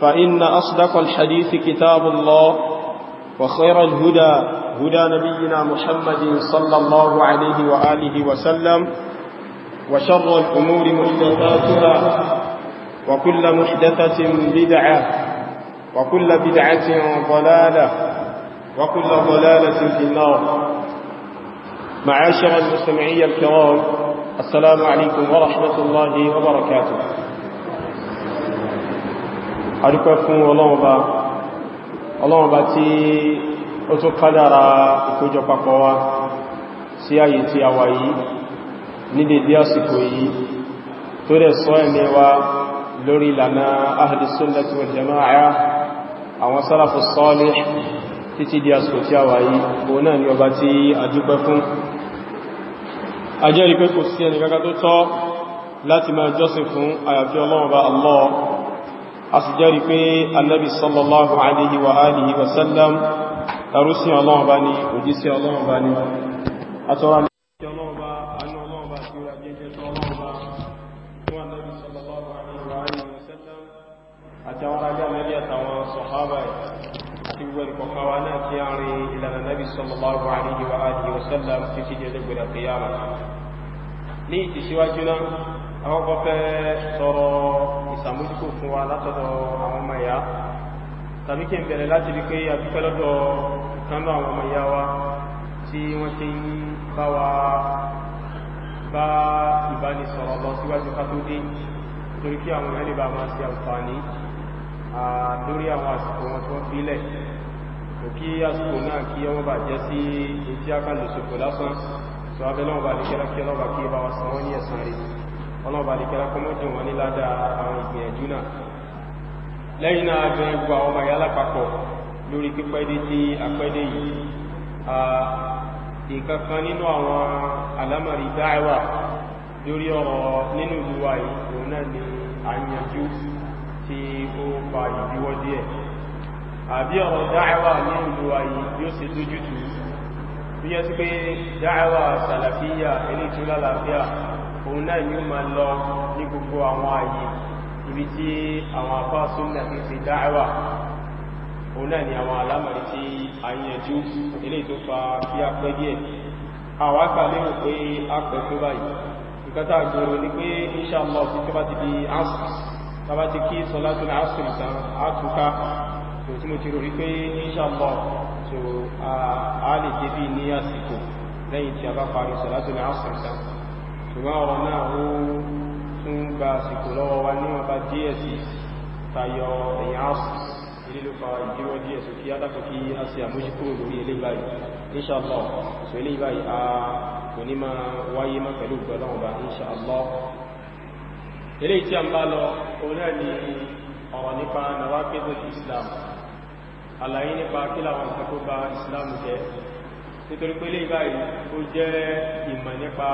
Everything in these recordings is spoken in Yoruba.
فإن أصدق الحديث كتاب الله وخير الهدى هدى نبينا محمد صلى الله عليه وآله وسلم وشر الأمور محدثاتها وكل محدثة بدعة وكل بدعة ضلالة وكل ضلالة في النار معاشر المستمعي الكرام السلام عليكم ورحمة الله وبركاته adúpẹ́ fún ọlọ́wọ́ba tí ó tó kádàrà ìkójọ papọ̀ wa sí ayé tí a wà yìí ní dédé àsìkò yìí tó dẹ̀ sọ ẹ̀mí wa lórí ìlànà ahli sunnah wal jamaa'ah àwọn salafu salih títí di àsìkò tí a wà yìí ni ọba tí adúpẹ́ fún ajẹ́rìí pé kò sí ẹni kankan tó tọ́ láti Allah a sì jẹ́rìí pé annabi sallallahu alaihi wa alihi wa sallam ẹrúsí ọlọ́run bá ní òjísí ọlọ́run bá ní àtọ́rọ sallallahu alaihi wa alihi wa sallam títí jẹ́ lẹ́gbẹ̀rẹ̀ qiyamah ní ìtìsíwájú náà àwọn kọfẹ́ sọ̀rọ̀ ìsàmójúkò fún wa látọ̀dọ̀ àwọn ọmọ ìyá tàbí kí n bẹ̀rẹ̀ láti rí pé àdúpẹ́ lọ́dọ̀ kánú àwọn ọmọ ìyá wa tí wọ́n ṣe ń bá wa bá ìbánisọ̀rọ̀ lọ síwájú ká tó dé torí kí àwọn ìyá lè bá máa ṣe àǹfààní lórí àwọn àsìkò wọn tí wọ́n fílẹ̀ kí àsìkò náà kí ọmọ bà jẹ́ sí etí akálòsòfò lásán sọ abẹ́lọ́wọ́ bà ní kẹ́lọ́kẹ́lọ́wọ́ bà kí bá wa sanwó ní ẹ̀sán rẹ̀ ọlọ́ọ̀bà àdìkẹ́lá kọmọ́dún wọn ní ládá àwọn ìgbìyànjú náà lẹ́yìn náà jọ ẹgbà ọmọ ìyá lápapọ̀ lórí pípẹ́dé tí apẹ́dé yìí ìkankan nínú àwọn alámọ̀rí dáẹwà lórí ọ̀rọ̀ nínú ìlúwà yìí náà ni àyànjú tí ó fa ìdíwọ́ díẹ̀ àbí ọ̀rọ̀ dáẹwà nínú ìlúwà yìí yóò ṣe lójútùú tó yẹ sí pé dáẹwà sàlàfíyà ẹni tó lálàáfíà òun náà ni ó ma lọ ní gbogbo àwọn ààyè ibi tí àwọn afá súnnà ti fi dáẹ̀wà òun náà ni àwọn alámọ̀rí tí a yẹnjú ilé tó fa kí a pẹ́ díẹ̀ àwọn agbàlérò pé a pẹ́ tó báyìí ìkátà àgbèrò ni pé inṣàlọ́ sí tó bá ti di asr tàbá ti kí sọlátún asr ìtàn a lè débì ní àsìkò lẹ́yìn tí ṣùgbọ́n ọ̀rọ̀ náà ó tún gba àsìkò lọ́wọ́ wa ní ọba díẹ̀ sí tayọ ẹ̀yà áṣù ilé ló fa ìdíwọ́ díẹ̀ sí kí adákọ̀ kí a sì àmójúkúrò lórí ilé báyìí inṣàlọ́ so ilé báyìí a kò ní máa nítorí pé léyìí báyìí ó jẹ́ ìmọ̀ nípa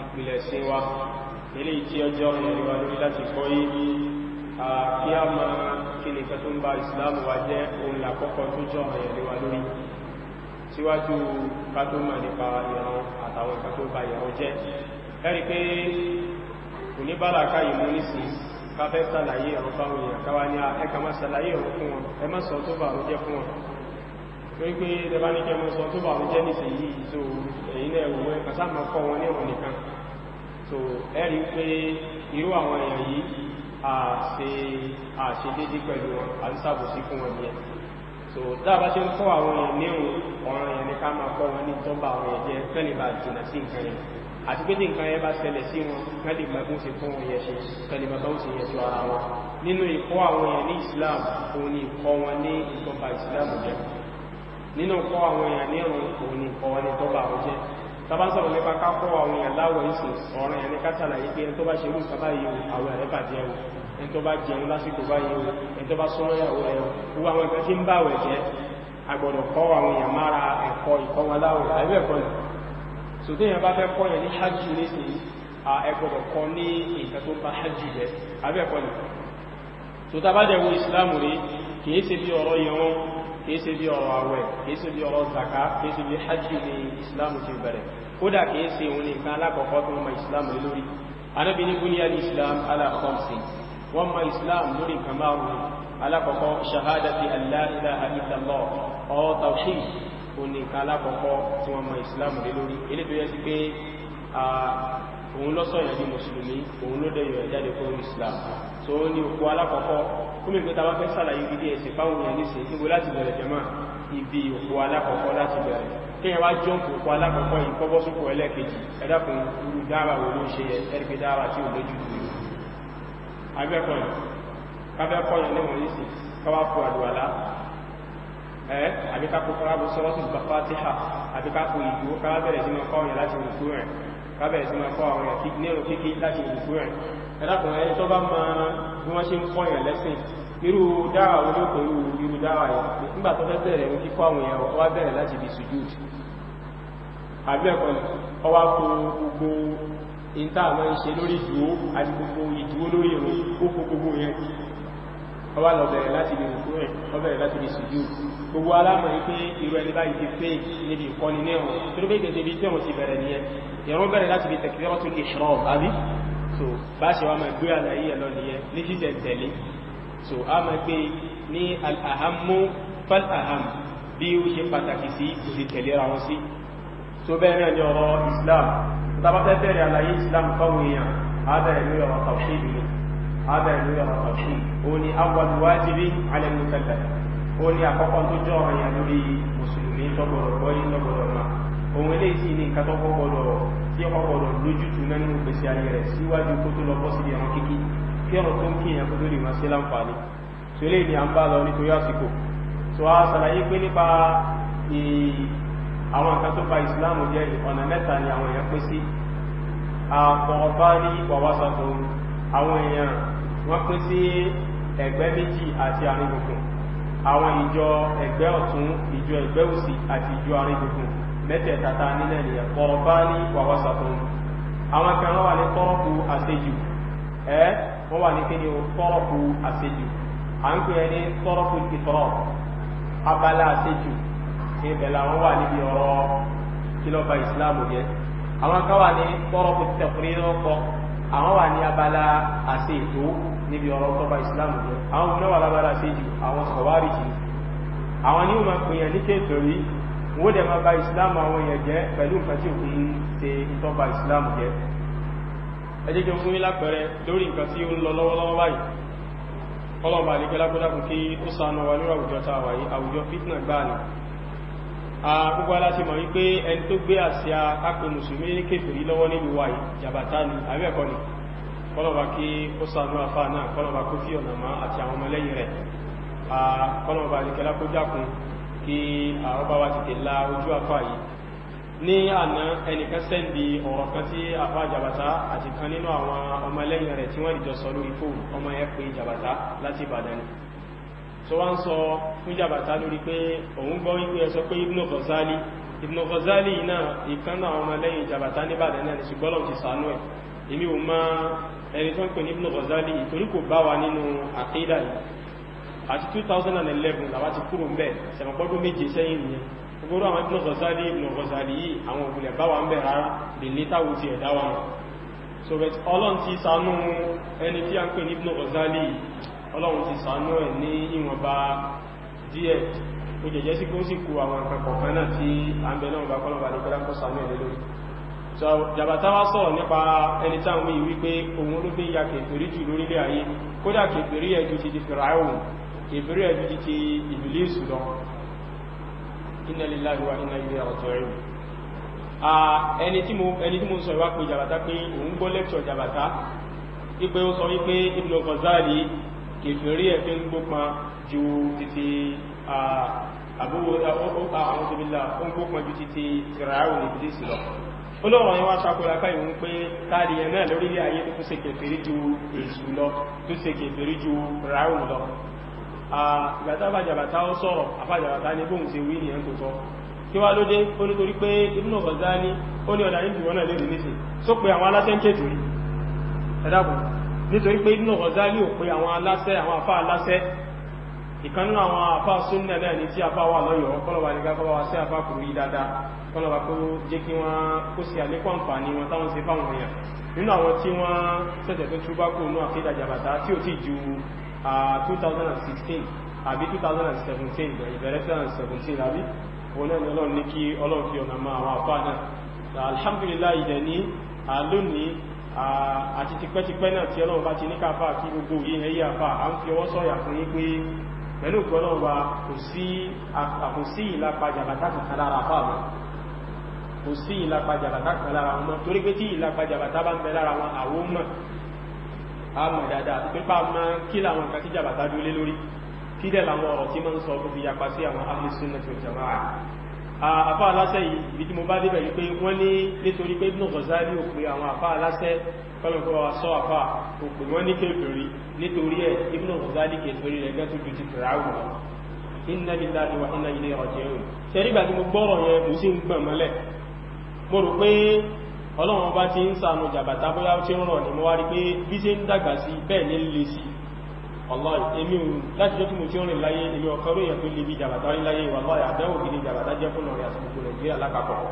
ìpìlẹ̀ sí wa eléyìí tí ọjọ́ ọmọdéwà lórí láti kọ́ yìí kí a máa kí ní kẹ́ tó ń ba ìsìláàmù wa jẹ́ ohun làkọ́kọ́ tó jọ ọmọdéwà lórí síwájú ká tó mọ̀ nípa ìran àtàwọn ìkà ba ìran pé pé ẹbá ní kẹmọ sọ tó bà ní jẹ́ nìsẹ̀ yìí so èyí náà ẹ̀wọ̀ kọ́ wọn ní ọ̀nà nìkan so ẹ̀rí pé irú àwọn èèyàn yìí àṣe dédé pẹ̀lú wọn fún wọn yẹn so dábá ṣe ń kọ́ àwọn èèyàn ní ọ̀ràn èèyàn ní ká máa kọ́ wọn ní tọ́ba àwọn èèyàn jẹ́ fẹ́lẹ̀ bá jìnà sí nǹkan yẹn àti pé tí nǹkan yẹn bá ṣẹlẹ̀ sí wọn ìkọ́ Islam òun ni ìkọ́ wọn ní ìjọba Islam jẹ́ nínú kọ́ àwọn èèyàn ní ọ̀rọ̀ òní kọ́ ní tó bá àwọn jẹ́ tàbá sọ̀rọ̀ nípa ká kọ́ àwọn èèyàn láwọ̀ ìsìn ọ̀rọ̀ ẹni kátàlà yìí pé ẹni tó bá ṣe rúùsà báyìí àwọn ẹ̀rẹ́ bàjẹ́ ẹ̀wọ̀ ẹni tó bá jẹun lásìkò báyìí ẹni tó bá súnmọ́ ìyàwó ẹ̀ wọ àwọn ni so tí èèyàn bá fẹ́ kọ́ yẹn ní hajj nísìnyí ẹgbọ̀dọ̀ kọ́ ní ni so tá bá kìí ṣe bí ọ̀rọ̀ àwẹ̀ kìí ṣe bí ọ̀rọ̀ zaka kìí ṣe bí hajj ní islamu ti bẹ̀rẹ̀ kódà kìí ṣe òun nìkan alákọ̀ọ́kọ́ tó mọ islamu lórí anábi ní buniyal islam ala khamsin wọ́n mọ islam lórí nǹkan márùn-ún alákọ̀ọ́kọ́ shahadati an la òun lọ́sọ̀ ìyàdí mùsùlùmí òun ló dẹ̀yọ̀ ìjáde fún Islam tó ó ní òkú alákọ̀ọ́kọ́ fún ìgbé tàbá fẹ́ sàlàyé gidi ẹ̀sìn fáwọn èèyàn níṣe níbo láti ibi òkú alákọ̀ọ́kọ́ láti bẹ̀rẹ̀ kíyàn wá jọ́ òkú alákọ̀ọ́kọ́ yìí kọ́bọ́ sókò ẹlẹ́ẹ̀kejì ẹ̀dàkùn irú dára wo ló ṣe ẹ̀rẹ́gbẹ̀ dára tí ó lójú ìlú abẹ́kọ̀yàn kábẹ́kọ̀yàn lẹ́wọ̀n níṣe káwá fún àdùwàlá ẹ́ àbíkápò kárábù sọ́rọ́sì bá fátíhà àbíkápò ìdúró kárábẹ̀rẹ̀ sínú kábẹ̀rẹ̀ sí máa kọ́ àwọn ẹ̀kí nẹ́rù kíkí láti ìlúkú rẹ̀ ẹ̀dàkùnrin ẹni tó bá ma bí wọ́n ṣe ń kọ́ ìyàn lẹ́sìn irú dáwà wọ́n lókò irú irú dáwà yẹn nígbà tó fẹ́ bẹ̀rẹ̀ ní kíkọ́ àwọn èèyàn ọwá bẹ̀rẹ̀ láti bí sujúd àbẹ́ẹ̀kọ́ ọwá kó gbogbo ìta àmọ́ ìṣe lórí ìdúró àti gbogbo ìdúró lórí ìrùn ó kó gbogbo yẹn ọwá lọ bẹ̀rẹ̀ láti bí sujúd gbogbo alámọ̀ yìí pé irú ẹni báyìí ti pé níbi ìkọ́ni ní ọ̀rọ̀ torí pé ìdẹ̀dẹ̀ ibi tí wọ́n ti bẹ̀rẹ̀ nìyẹn ìrún bẹ̀rẹ̀ láti fi takbiratul ihram àbí so bá ṣe wá máa gbé àlàyé yẹn lọ nìyẹn ní ṣíṣẹ̀ tẹ̀lé so a máa gbé ní al-ahammu fal-aham bí ó ṣe pàtàkì sí ìṣe tẹ̀lé ra wọn sí so bẹ́ẹ̀ náà ó ní àkọ́kọ́ tó jẹ́ ọ̀rọ̀ yẹn lórí mùsùlùmí tọ́gbọ̀dọ̀ gbọ́yé tọ́gbọ̀dọ̀ ma òun eléyìí sì ní nǹkan tó kọ́kọ́dọ̀ tí ó kọ́kọ́dọ̀ lójútu nínú ìgbésí ayé rẹ̀ síwájú kó tó lọ bọ́ sí ẹran kíkí kí ọ̀rọ̀ tó ń kí èèyàn kó tó lè máa ṣe láǹfààní tí lè ní à ń bá lọ nítorí àsìkò tó a ṣàlàyé pé nípa àwọn nǹkan tó fa ìsìláàmù jẹ́ ọ̀nà mẹ́ta ni àwọn èèyàn pín sí àkọ̀ọ̀bá ní wàwásàtò àwọn èèyàn wọ́n pín sí ẹgbẹ́ méjì àti àrígbùnkùn àwọn ìjọ ẹgbẹ́ ọ̀tún ìjọ ẹgbẹ́ òsì àti ìjọ arígbùgbùn mẹ́tẹ̀ẹ̀ta ta nílẹ̀ ní ẹ̀kọ́rọ̀bá ní wàwásàtún àwọn kan wà ní kọ́rọ̀kù àṣejù ẹ́ wọ́n wà ní kí ni kọ́rọ̀kù àṣejù à ń pè é ní kọ́rọ̀kù ìtọ́rọ̀ abala àṣejù ibẹ̀ làwọn wà níbi ọ̀rọ̀ kílọ̀bà ìsìláàmù yẹn àwọn kan wà ní kọ́rọ̀kù tẹ̀kùnrin náà kọ àwọn wà ní abala àṣejù níbi ọ̀rọ̀ tọ́ba islam jẹ́ àwọn ọmọ wà lábára sí jù àwọn sọ̀wárì jù àwọn ní ìmọ̀ pèèyàn ní kéèkèrí wó dẹ̀ máa ba islam àwọn èèyàn jẹ́ pẹ̀lú nǹkan tí òfin ṣe ìtọ́ba islam jẹ́ ẹ jẹ́ kí n fún yín lápẹẹrẹ lórí nǹkan tí ó ń lọ lọ́wọ́lọ́wọ́ báyìí kọlọ̀bà àlẹ́gẹ́ lápẹ́lápù fitna gbáà a gbogbo aláti mọ̀ wípé ẹni tó gbé àsíá kápẹ́ mùsùlùmí ní kéfèrí lọ́wọ́ nílùú wáyé jàbátá ni àbẹ́ẹ̀kọ́ kọ́lọ̀wà kí ó sànú àfà náà kọ́lọ̀wà kó fí ọ̀nà máa àti àwọn ọmọlẹ́yìn rẹ̀ kọ́lọ̀wà alìkẹ́lá kó jákun kí ọba wa ti tèlá ojú àfà yìí ní àná ẹnìkan sẹ́ndì ọ̀rọ̀ kan tí àfà jàbàtá àti kan nínú àwọn ọmọlẹ́yìn rẹ̀ tí wọ́n ìjọ sọ lórí fóònù ọmọ ẹ pé jàbàtá láti Ìbàdàn so wá ń sọ fún jàbàtá ti sànú ẹ̀ èmi ò máa ẹni tó ń pè ní Ibn Ghazali ìtorí kò bá wa nínú àkídà yìí àti 2011 làwá ti kúrò mbẹ̀ sẹ̀mọ̀pọ́dún méje sẹ́yìn nìyẹn gbogbo àwọn Ibn Ghazali Ibn Ghazali yìí àwọn òkùnlẹ̀ bá wa ń bẹ̀ rárá lè létàwó ti ẹ̀dá wa mọ̀ so but ọlọ́run ti ṣàánú ẹni tí a ń pè ní Ibn Ghazali so jàbàtà wá sọ̀rọ̀ nípa ẹni táwọn mi wípé òun ló fi ya kèfèrí jù lórílẹ̀ ayé kódà kèfèrí ẹ̀jú ti di fìràáhùn kèfèrí ẹ̀jú ti ti ìbílísù lọ inna lillahi wa inna ilayhi raji'un ẹni tí mo sọ ìwá pé jàbàtà pé òun gbọ́ lẹ́kṣọ̀ jàbàtà wípé ó sọ wípé Ibn Ghazali kèfèrí ẹ̀ fi ń gbópa ju àbúwò àwọn òṣèlú ó ń gbópa ju títí fìràáhùn ìbílísù olóòrùn yẹn wá ṣakọ̀lá ká ìwọ̀n pé táàrí ẹ̀ náà lórílẹ̀ ayé tó ṣe kèfèrí ju èṣù lọ tó ṣe kèfèrí ju ráhùn lọ ìgbàtà bàjàbàtà ó sọ̀rọ̀ àbájàbàtà ní bóhùn ṣe wí nìyẹn tó tọ́ kí wá lóde ó nítorí pé Ibn Ghazali ó ní ọ̀dà ìbìwọ́n náà lórí níṣe só pé àwọn aláṣẹ ń kéjì rí ẹ̀dàkùn nítorí pé Ibn ìkan nínú àwọn àfá súnnà náà ní tí àfá wà lọ́yọ̀ọ́ kọ́lọ̀bà ní gáfà wá sí àfá kùrú yí dáadáa kọ́lọ̀bà kó jẹ́ kí wọ́n kó sí àlékọ́ àǹfààní wọn táwọn sí fáwọn èèyàn nínú àwọn tí wọ́n sẹ̀tẹ̀ tó túbá kó nú àkídà jàbàtà tí 2016 àbí 2017 ìbẹ̀rẹ̀ 2017 àbí òun náà ní pẹ̀lú ìgbọ́lọ́wà kò sí ìlàpàjàbàtà kankan lára fáàmù kò sí ìlàpàjàbàtà kankan lára wọn torí pé tí ìlàpàjàbàtà bá ń bẹ lára wọn àwọn mọ̀ àmọ̀ dáadáa àti pípa ma kí làwọn kan tí jàbàtà dúlé lórí kí dẹ̀ làwọn ọ̀rọ̀ tí mọ́ ń sọ fún fi yapa sí àwọn ahlu sunnah wal jamaa'ah àfá aláṣẹ yìí ibi tí mo bá débẹ̀ yìí pé wọ́n ní nítorí pé Ibn Ghazali ò pé àwọn àfá aláṣẹ kọ́lọ̀kọ́ wa sọ àfá ò pè wọ́n ní kéfèrí nítorí ẹ̀ Ibn Ghazali kéfèrí rẹ̀ gẹ́tù ju ti fìràwù inna lillahi wa inna ilayhi raji'un ṣẹ́rígbà tí mo gbọ́rọ̀ yẹn mo sì ń gbọ̀n mọ́lẹ̀ mo rò pé Ọlọ́run bá ti ń sànù jàbàtà bóyá ó ti ń rọ̀ ní mo wá rí pé bí ṣe ń dàgbà sí bẹ́ẹ̀ ní lè sí wallahi èmi ò láti jẹ́ tí mo tí ó rìn láyé èmi ọ̀kọ́rọ̀ èèyàn tó lè bí jàbàtà rí láyé wallahi àdáwò gidi jàbàtà jẹ́ fún ọ̀rẹ́ àti gbogbo nàìjíríà lápapọ̀ ẹ́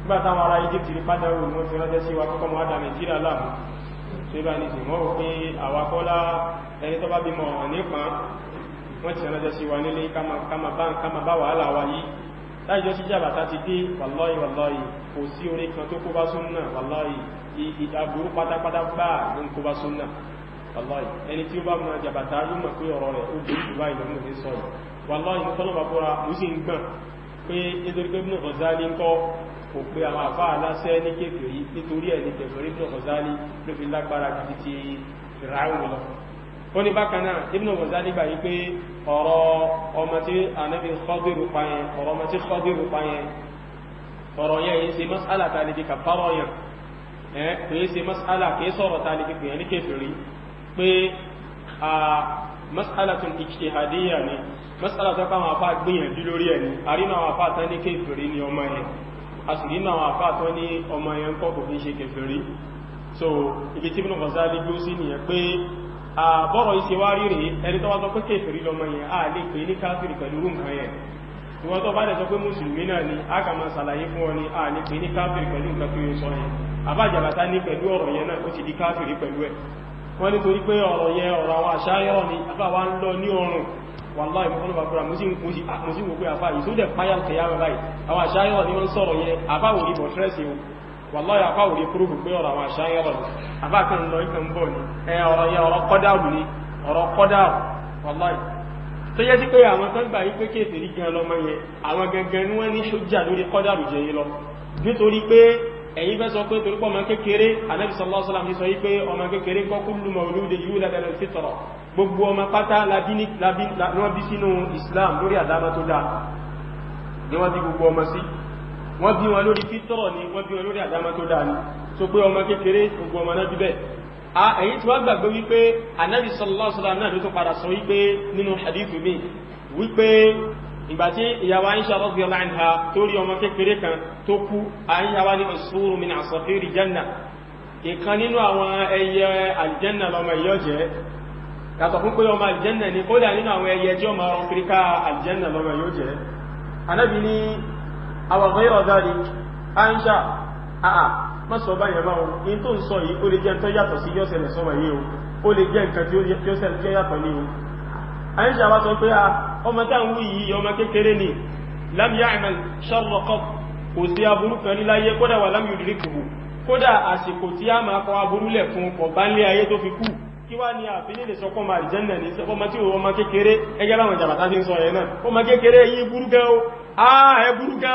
nígbà táwọn ará egypt rí pàdáwò ni wọ́n ti ránṣẹ́ sí wa kọ́kọ́ mọ́ ádá nàìjíríà láàmú tó bá ní ìsìn wọ́n rò pé àwakọ́lá ẹni tó bá bímọ nípan wọ́n ti ránṣẹ́ sí wa nílé wàláì ẹni tí ó bá mọ́ jàbàtà ló mọ̀ pé ọ̀rọ̀ rẹ̀ ó bí ìwà ìlọ́nà ní sọ́yìn wàláì mú tọ́lọ́bà búra mú sí ń gbọ́n pé nítorí pé Ibn Ghazali ń kọ́ kò pé àwọn àfá aláṣẹ ní kéfèrí nítorí ẹni kẹfèrí Ibn Ghazali ló fi lágbára gidi ti ráhùn lọ ó ní bákan náà Ibn Ghazali gbà yí pé ọ̀rọ̀ ọmọ tí Ànábì Khadiru pa yẹn ọ̀rọ̀ ọmọ tí Khadiru pa yẹn yìí kò yìí ṣe mas'ala kìí sọ̀rọ̀ ta lè di kéfèrí pé a masalatun ijtihadiyya ni masalatun káwọn afá gbìyànjú lórí ẹni àrínà àwọn afá tán ní kéfèrí ni ọmọ yẹn a sì rínà àwọn ọmọ yẹn kọ́ kò fi ṣe kéfèrí so ibi tí Ibn Ghazali gbó sí nìyẹn pé àbọ̀rọ̀ iṣẹ́ wá rí rèé ẹni tó wá sọ pé kéfèrí lọmọ yẹn a lè pè ní káfìrí pẹ̀lú nǹkan yẹn ìwọ́n tó bá lè sọ pé mùsùlùmí náà ni a kà máa ṣàlàyé fún ọ ni a lè pè ní káfìrí pẹ̀lú nǹkan tó yẹ sọ yẹn àbájàbátá ní pẹ̀lú ọ̀rọ̀ yẹn náà ó ti di káfìrí pẹ̀lú ẹ̀ wọ́n ní torí pé ọ̀rọ̀ yẹ ọ̀rọ̀ àwọn àṣáyọ́ ni afáwà ń lọ ní ọrùn wàláì mọ́kànlọ́bàkúra mo sì wò pé àfáà ìsúdẹ̀ páyà kẹyàmẹ́ báyìí àwọn àṣáyọ́ ni wọ́n sọ̀rọ̀ yẹ sí pé àwọn tó gbà yìí pé rí gan lọmọ yẹn àwọn gangan ni wọ́n ní sójà lórí kọ́dàrù jẹ yìí lọ nítorí pé ẹ̀yin fẹ́ sọ pé torípọ̀ ọmọ kékeré Ànábì sallallahu alaihi wasallam ti sọ yí pé ọmọ kékeré kọ́ kullu mawludin yuladu ala al-fitra gbogbo ọmọ pátá lábí sínú Islam lórí àdámá tó dáa ni wọ́n bí gbogbo ọmọ sí wọ́n bí wọn lórí fítọ́rọ̀ ni wọ́n bí wọn lórí àdámá tó dáa ni so pé ọmọ kékeré gbogbo ọmọ náà bíbẹ̀ ẹ̀yin tí wọ́n gbàgbé wípé Ànábì sallallahu alaihi wasallam náà ló tó padà sọ wípé nínú hadith mi wípé ìgbàtí ìyàwó àyíṣà rọ́bì ọlá ìhà tó rí ọmọ kékeré kan tó kú àyíyàwó ní ìṣòro mi ní àsọ̀fẹ́rì jẹ́nà ìkan nínú àwọn ẹyẹ àjẹ́nà lọmọ ìyọ́ jẹ́ yàtọ̀ fún pé ọmọ àjẹ́nà ni kódà nínú àwọn ẹyẹ tí ọmọ ọrọ̀ kíríká àjẹ́nà lọmọ ìyọ́ jẹ́ anábì ní àwọ̀gbẹ́ ọ̀dáàdì àyíṣà àà má sọ bá yẹn báwọn in tó ń sọ yìí ó lè jẹ́ nǹkan tó yàtọ̀ sí yọ́sẹ̀lẹ̀ sọ́wọ́ yìí o ó lè jẹ́ nǹkan tí ó yàtọ̀ ní o àyíṣà wá sọ pé a ọmọ táwọn wú yìí ọmọ kékeré ni lam ya'mal sharra qat kò sí aburú kan níláyé kódà wà lam yudrikhu kódà àsìkò tí a máa kọ aburú lẹ̀ fún kọ̀ bá nílé ayé tó fi kú kí wá ní àfilé lè sọkọ́ ma ìjẹ́nà ní ọmọ tí ọmọ kékeré ẹgẹ́ láwọn ìjàbàtà fi ń sọ ẹ̀ náà ọmọ kékeré yí burúkẹ́ o àà ẹ burúkẹ́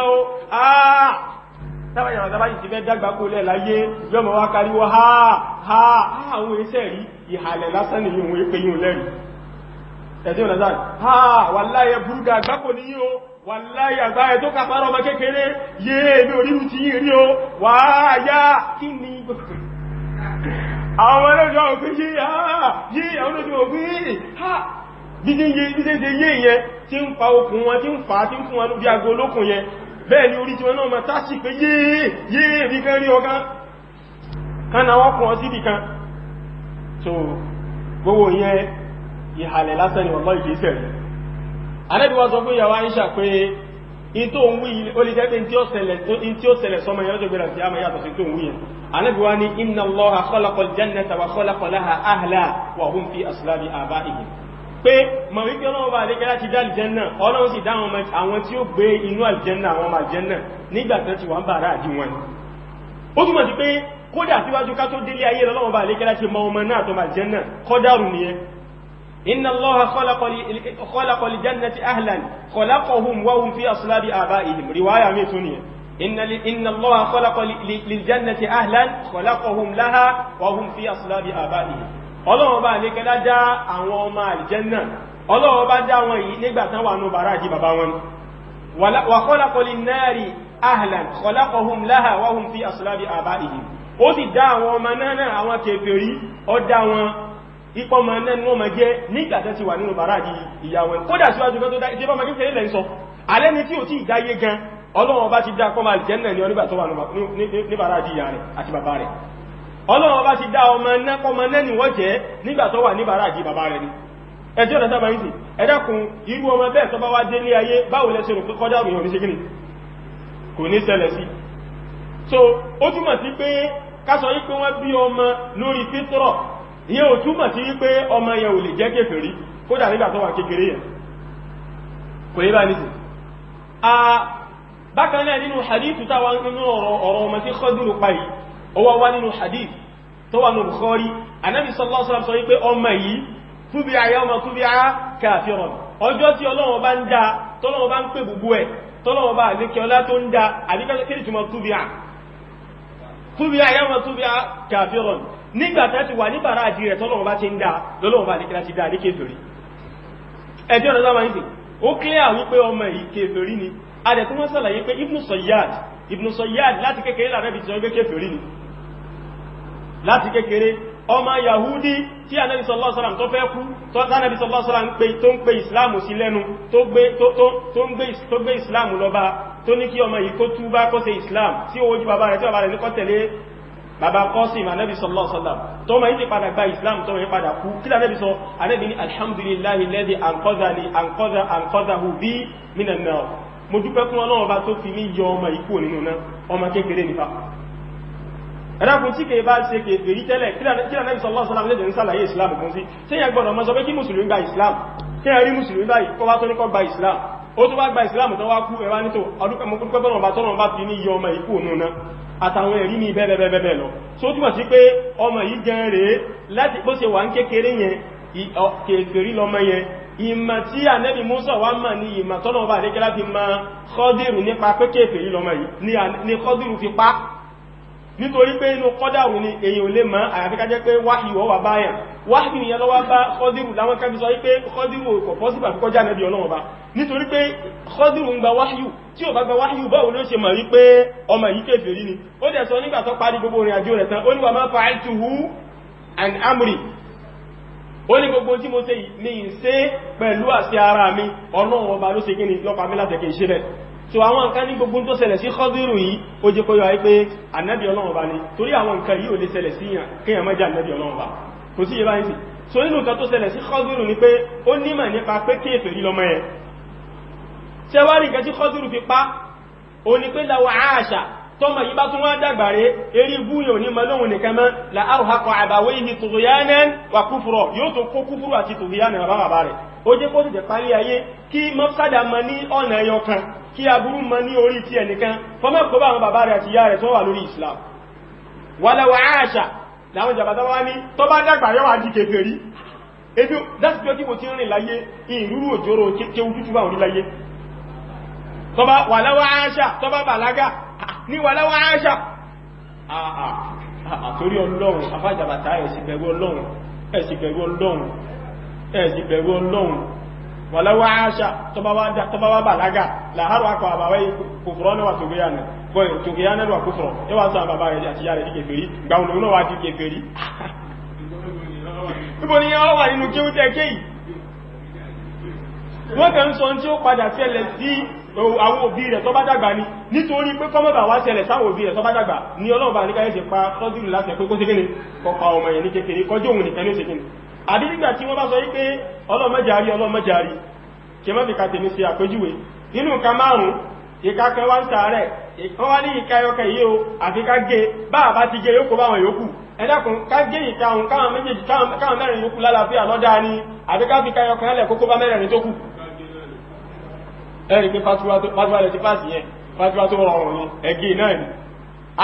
o ìhàlẹ̀ lásán nìyí òun èpè yìí lẹ́rìí ẹ̀tí ọ̀nà sáà ha wàláyé burúkú àgbákò ní yíò wàláyé àgbáyé tó kàfàrọ̀ ọmọ kékeré yé èmi orílù ti yí rí o wáyá kí ni àwọn ọlọ́jọ́ ha dídí yé dídí ṣe yé yẹn pa okùn wọn tí ń fà á tí ń fún wọn lóbi ago olókùn yẹn ni orí tí wọn náà so gbogbo yẹn ìhàlẹ̀ lásán ni wọ́n ìgbésẹ̀ rẹ̀ anẹ́bí wọ́n sọ fún ìyàwó àìṣà pé in tó ń wí ó lè jẹ́ pé in tí ó ṣẹlẹ̀ sọmọ yẹn lọ́jọ́ gbẹ̀rẹ̀ àti àmà yàtọ̀ sí tó ń wí yẹn anẹ́bí wọ́n ní inna Allaha khalaqa al-jannata wa khalaqa laha ahlaha wa hum fi aslabi aba'ihim pé mọ̀ wípé ọlọ́run bá lékẹ́ láti dá àlìjẹ́nà ọlọ́run sì dá àwọn tí ó gbé inú àlìjẹ́nà ká tó délé ayé lọ́lọ́run bá lékẹ́ láti mọ ọmọ náà tó àlìjẹ́nà kọ́dàrù nìyẹn إن الله خلق خلق الجنة أهلا خلقهم وهم في أصلاب آبائهم رواية ميتونية إن إن الله خلق للجنة أهلا خلقهم لها وهم في أصلاب آبائهم Ọlọ́run bá ní kẹ́lá dá àwọn ọmọ àlìjẹ́nà Ọlọ́run bá dá wọn yìí nígbàtán wà ní bàrá àjí bàbá wọn wa khalaqa lin-nari ahlan khalaqahum laha wa hum fi aslabi aba'ihim ó ti dá àwọn ọmọ náà àwọn kèfèrí ó dá wọn ipọ́ ma nẹ́nu ọmọ jẹ́ nígbàtẹ́ ti wà nínú bàrá àti ìyàwó kódà síwájú kọ́ tó dá ìjẹ́ bọ́mọ kékeré lẹ́ sọ alẹ́ ni tí ò tí ìdáyé gan ọlọ́run bá ti dá kọ́mà jẹ́nà ní onígbà tó wà ní bàrá àti ìyà rẹ̀ àti bàbá rẹ̀ ọlọ́run bá ti dá ọmọ nẹ́kọ́mọ jẹ́ ni ẹjọ́ ọ̀dá sábà so ó túmọ̀ sí pé ká sọ yí pé wọ́n bí ọmọ lórí pétrọ̀ ìyẹn ò túmọ̀ sí wípé ọmọ yẹn ò lè jẹ́ kéfèrí kódà nígbà tó wà kékeré yẹn kò yí bá nìsì a bákan náà nínú hadith táwa nínú ọ̀rọ̀ ọmọ tí Khadiru pa yìí ọwọ́ wá nínú hadith tó wà ní Bukhari anábi sallallahu alaihi wasallam sọ wípé ọmọ yìí túbí ayá ọmọ túbí nígbàtá ti wà ní bàrá àti rẹ̀ tọ́lọ́wọ́ bá ti ń dáa lọ́lọ́wọ́ bá nígbàtá ti dáa ní kéfèrí ẹjọ́ ọ̀nà sáwọn ìsìn ó clear wípé ọmọ yìí kéfèrí ni a dẹ̀ tó wọ́n sàlàyé pé ibnu Sayyad ibnu Sayyad láti kékeré lànàbì ti sọ pé Yahudi tí anabi sallallahu alaihi wasallam tó fẹ́ kú tó anabi sallallahu alaihi wasallam ń pè tó ń pè ìsìláàmù sí lẹ́nu tó gbé ìsìláàmù lọ bá tó ní kí ọmọ yìí kó túbá kó ṣe bàbá kọ́sìm anábì sallallahu alaihi wasallam tó ma yí padà gba islam tó ma yí padà kú kí lánàbì sọ anábì ní alhamdulillahi alladhi anqadhani anqadha anqadhahu bi minan nar mo dúpẹ́ fún ọlọ́run bá tó fi ní yọ ọmọ ikú nínú náà ọmọ kékeré nípa ẹ̀dàkùn tí kèé bá ṣe kèé fèrí tẹ́lẹ̀ kí lánàbì sallallahu alaihi wasallam lẹ́dẹ̀ ń sàlàyé islam fún sí tí yẹn gbọ́dọ̀ mọ́ sọ pé kí mùsùlùmí gba islam kí ẹ̀rí mùsùlùmí báyìí kọ́ wá tó ní kọ́ gba islam ó tó wá gba islam tó wá kú ẹwà nítò ọdún pẹ̀mọ́kúrúkọ́ bọ́nà bá tọ́nà bá fi ní yọ ọmọ ikú nínú náà àtàwọn ẹ̀rí ní bẹ́ẹ̀bẹ́ẹ̀bẹ́ẹ̀ lọ so túnmọ̀ sí pé ọmọ yìí gan rèé láti bó ṣe wà ń kékeré yẹn kèfèrí lọmọ yẹn ìmọ̀ tí ànẹ́bì Mùsá wá mọ̀ ní ìmọ̀ tọ́nà ọba àdékẹ́lá fi mọ̀ Khadiru nípa pé kèfèrí lọmọ yìí ni Khadiru fi pa nítorí pé inú kọ́dàrù ni èyàn lè máa àyàfíká jẹ́ pé wáhì wọ́wà báyàn wáhì ìyẹn lọ́wọ́ bá kọ́dìrù láwọn kẹfì sọ wípé kọ́dìrù kò pọ́sí pàtí kọjá nẹ́bí ọlọ́wọ́ bá nítorí pé kọ́dìrù ń gba wáhì tí ò bá gba wáhì báwo ló ṣe mọ̀ rí pé ọmọ ni ó dẹ̀ sọ amri ó ní gbogbo mo ṣe ní ìṣe pẹ̀lú àṣẹ ara mi ọlọ́run ọba ló ṣe kí ni so àwọn nǹkan ní gbogbo tó ṣẹlẹ̀ sí Khadiru yìí ó jẹ́ kó yọ wípé ànábì Ọlọ́run bá ní torí àwọn nǹkan yìí ò lè ṣẹlẹ̀ sí yàn kéèyàn má jẹ́ ànábì Ọlọ́run bá kò sí yẹ báyìí sí so nínú nǹkan tó ṣẹlẹ̀ sí Khadiru ni pé ó nímọ̀ nípa pé kéèfè rí lọ́mọ yẹn ṣe wá rí ó jẹ́ kó sì jẹ́ parí ayé kí mọ́sádà mọ ní ọ̀nà ẹyọ kan kí aburú mọ ní orí ti ẹnìkan fọ́mọ́ kó bá àwọn bàbá rẹ̀ àti ìyá rẹ̀ tó wà lórí Islam wàlẹ̀wà àṣà láwọn jàbátá wá ní tó bá dàgbà yọ́wà di kèfèrí ebi dáṣì pé kí mo ti rìn láyé ìrúrú òjòrò kéwú tútù bá wọn láyé tó bá wàlẹ̀wà àṣà tó bá bàlágà ní wàlẹ̀wà àṣà àà ẹ̀sì bẹ̀rù ọlọ́run wà lọ́wọ́ aṣá tọ́bá bàlágà láàárọ̀ akọ àbàwẹ́ kòfòrò níwà tògéyànà tògéyànà lọ kòfòrò ẹwà sọ àbàbà rẹ̀ àti yà rẹ̀ di kèfèrí gbàùn lòun náà wà di kèfèrí níbo ni wọ́n wà nínú kí ó tẹ́kẹ́ yìí wọ́n kẹ́ ń sọ tí ó padà ṣẹlẹ̀ sí àwọn òbí rẹ̀ tọ́bá dàgbà ni nítorí pé kọ́mọ̀bà wá ṣẹlẹ̀ sáwọn òbí rẹ̀ tọ́bá dàgbà ni ọlọ́ọ̀bà ní káyẹ́ ṣe pa rọ́dìrì láti ẹ̀kọ́ kó ṣe kéne kọpa ọmọ yẹn ní kékeré kọjú òun nìkan ní ó ṣe kéne àbí nígbà tí wọ́n bá sọ wípé ọlọ́mọjàrí ọlọ́mọjàrí kí mọ́ fi ka tèmi ṣe àpéjúwe nínú nǹkan márùn-ún ìka kan wá ń sàárẹ̀ ìkan wá ní ìka ẹyọkẹ yìí o àfi ká gé bá àbá ti gé yókù báwọn yòókù ẹ̀dàkùn ká gé ìka òun káwọn méjèèjì káwọn mẹ́rin yòókù lálàáfíà lọ́dá ni àfi ká fi káyọkẹ ẹlẹ̀ kókó bá mẹ́rin tó kù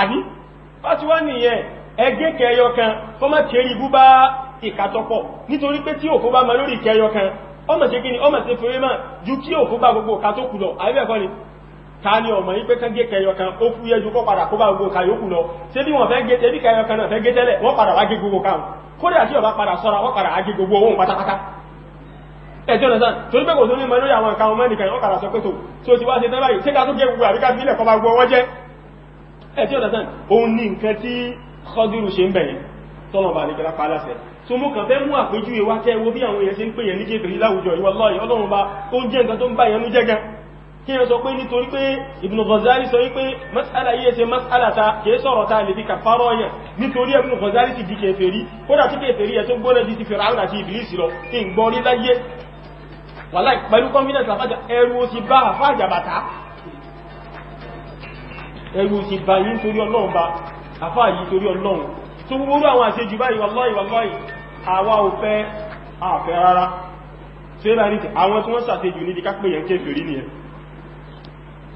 ni àbí fàtíwà nìyẹn ẹgbẹ́ kẹyọkan fọ́mọ̀ tẹ́rì ìkàtọ́pọ̀ nítorí pé tí òfó bá ma lórí ìkẹyọ kan ọmọ ṣe kíni ọmọ ṣe fèrè máa ju kí òfó bá gbogbo ká tó kù lọ àríwẹ̀kọ́ ni ká ní ọmọ yí pé kán gé kẹyọ kan ó fú yẹ ju kọ́ padà kó bá gbogbo ká yókù lọ ṣé bí wọ́n fẹ́ gé tẹ́bí kẹyọ kan náà fẹ́ gé tẹ́lẹ̀ wọ́n padà wá gé gbogbo káwọn kódà tí ọba padà sọ́ra wọ́n padà wá gé gbogbo owó pátápátá ẹjọ́ nà sáà torí pé kò tó ní mọ lórí àwọn nǹkan ọmọ ẹnìkan wọ́n padà sọ pé tó tí ó ti wá ṣe tẹ́ tọ́lọ̀bà ní kẹra pàálásẹ̀ tó mú kàn fẹ́ mú àpéjúwe wá kẹ́ wo bí àwọn èèyàn ṣe ń pè yẹn ní kéfèrí láwùjọ ìwọ lọ́yìn ọlọ́run bá ó jẹ́ nǹkan tó ń bá yẹn ní jẹ́gẹ́ kí yẹn sọ pé nítorí pé Ibn Ghazali sọ wípé mas'ala yìí ṣe mas'ala ta kìí sọ̀rọ̀ ta lè fi kàfárọ̀ yẹn nítorí Ibn Ghazali ti di kèfèrí kódà tí kèfèrí yẹn tó gbóná di ti Fir'aun àti Ìbílísì lọ kí n gbọ́ rí láyé wàlá pẹ̀lú confidence àfájà ẹrù ti bá àfájà bàtà ẹrù ti bá yìí nítorí ọlọ́run bá àfáà yìí torí ọlọ́run tó gbogbo àwọn àṣejù báyìí wallahi wallahi àwa ò fẹ́ àfẹ́ rárá tí ó lárí àwọn tí wọ́n sàtejù níbi kápẹ̀ yẹn kéfèrí ni ẹ̀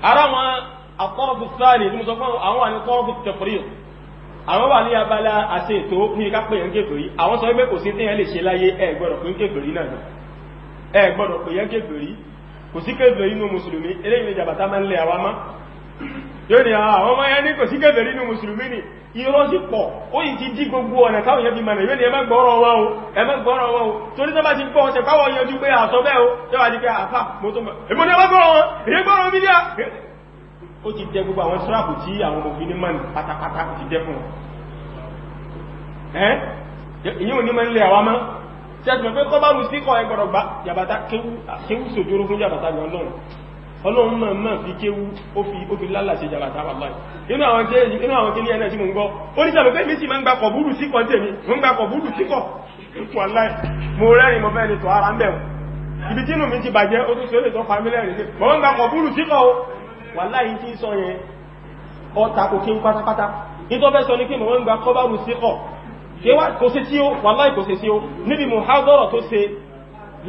ara wọn àkọ́ọ̀fù sáàlì tí mo sọ fún àwọn àní kọ́ọ̀fù tẹ̀fẹ̀rí àwọn wà ní abala àṣẹ ètò ní kápẹ̀ yẹn kéfèrí àwọn sọ pé kò sí tí yẹn lè ṣe láyé ẹ gbọ́dọ̀ pé kéfèrí náà ẹ gbọ́dọ̀ pé yẹn kéfèrí kò sí kéfèrí nínú mùsùlùmí eléyìí ni jàbàtà máa ń lẹ àwa mọ́ Ah, yóò ní àwọn ọmọ ẹni kò sí kèfèrí nínú mùsùlùmí ni irọ́ sí pọ̀ ó yìí ti dí gbogbo ọ̀nà táwọn yẹn fi mọ̀nà yóò ní ẹmẹ́ gbọ́rọ̀ wọn o ẹmẹ́ gbọ́rọ̀ wọn o torí tó bá ti pọ̀ o tẹ́wà ní pé àfà mo tó mọ̀ èmò ní ẹmẹ́ gbọ́rọ̀ wọn èyí gbọ́rọ̀ mi ní à ó ti dẹ gbogbo àwọn síràpù tí àwọn òbí ní mọ̀nì pátápátá ti dẹ fún ẹ́ ìyí ò ní mọ̀ nílẹ̀ àwa a ti mọ̀ pé kọ́ bá rú sí kọ́ ẹgbọ̀rọ̀ gbá yàbàtà kéwú sòjóró fún yàbàtà ọlọ́run náà náà fi kéwú ó fi lálàṣe jàràtà wà láì inú àwọn kí ní ẹ̀nà tí mo ń gọ́ oníṣàlù pé mi sì máa ń gba kọ̀búrù síkọ̀ tèmi mo ń gba kọ̀búrù síkọ̀ wà láì mo rẹ́rìn mo fẹ́ni tó ara ń bẹ̀ ibi tínú mi ti bàjẹ́ ó tún sí olè tó famílẹ̀rì sí mo ń gba kọ̀búrù síkọ̀ wà láì tí sọ yẹn ọta kò kéwú pátápátá nítọ́fẹ́ sọ ní pé mo ń gba kọ́bárù síkọ̀ kò sí tí ó wà láì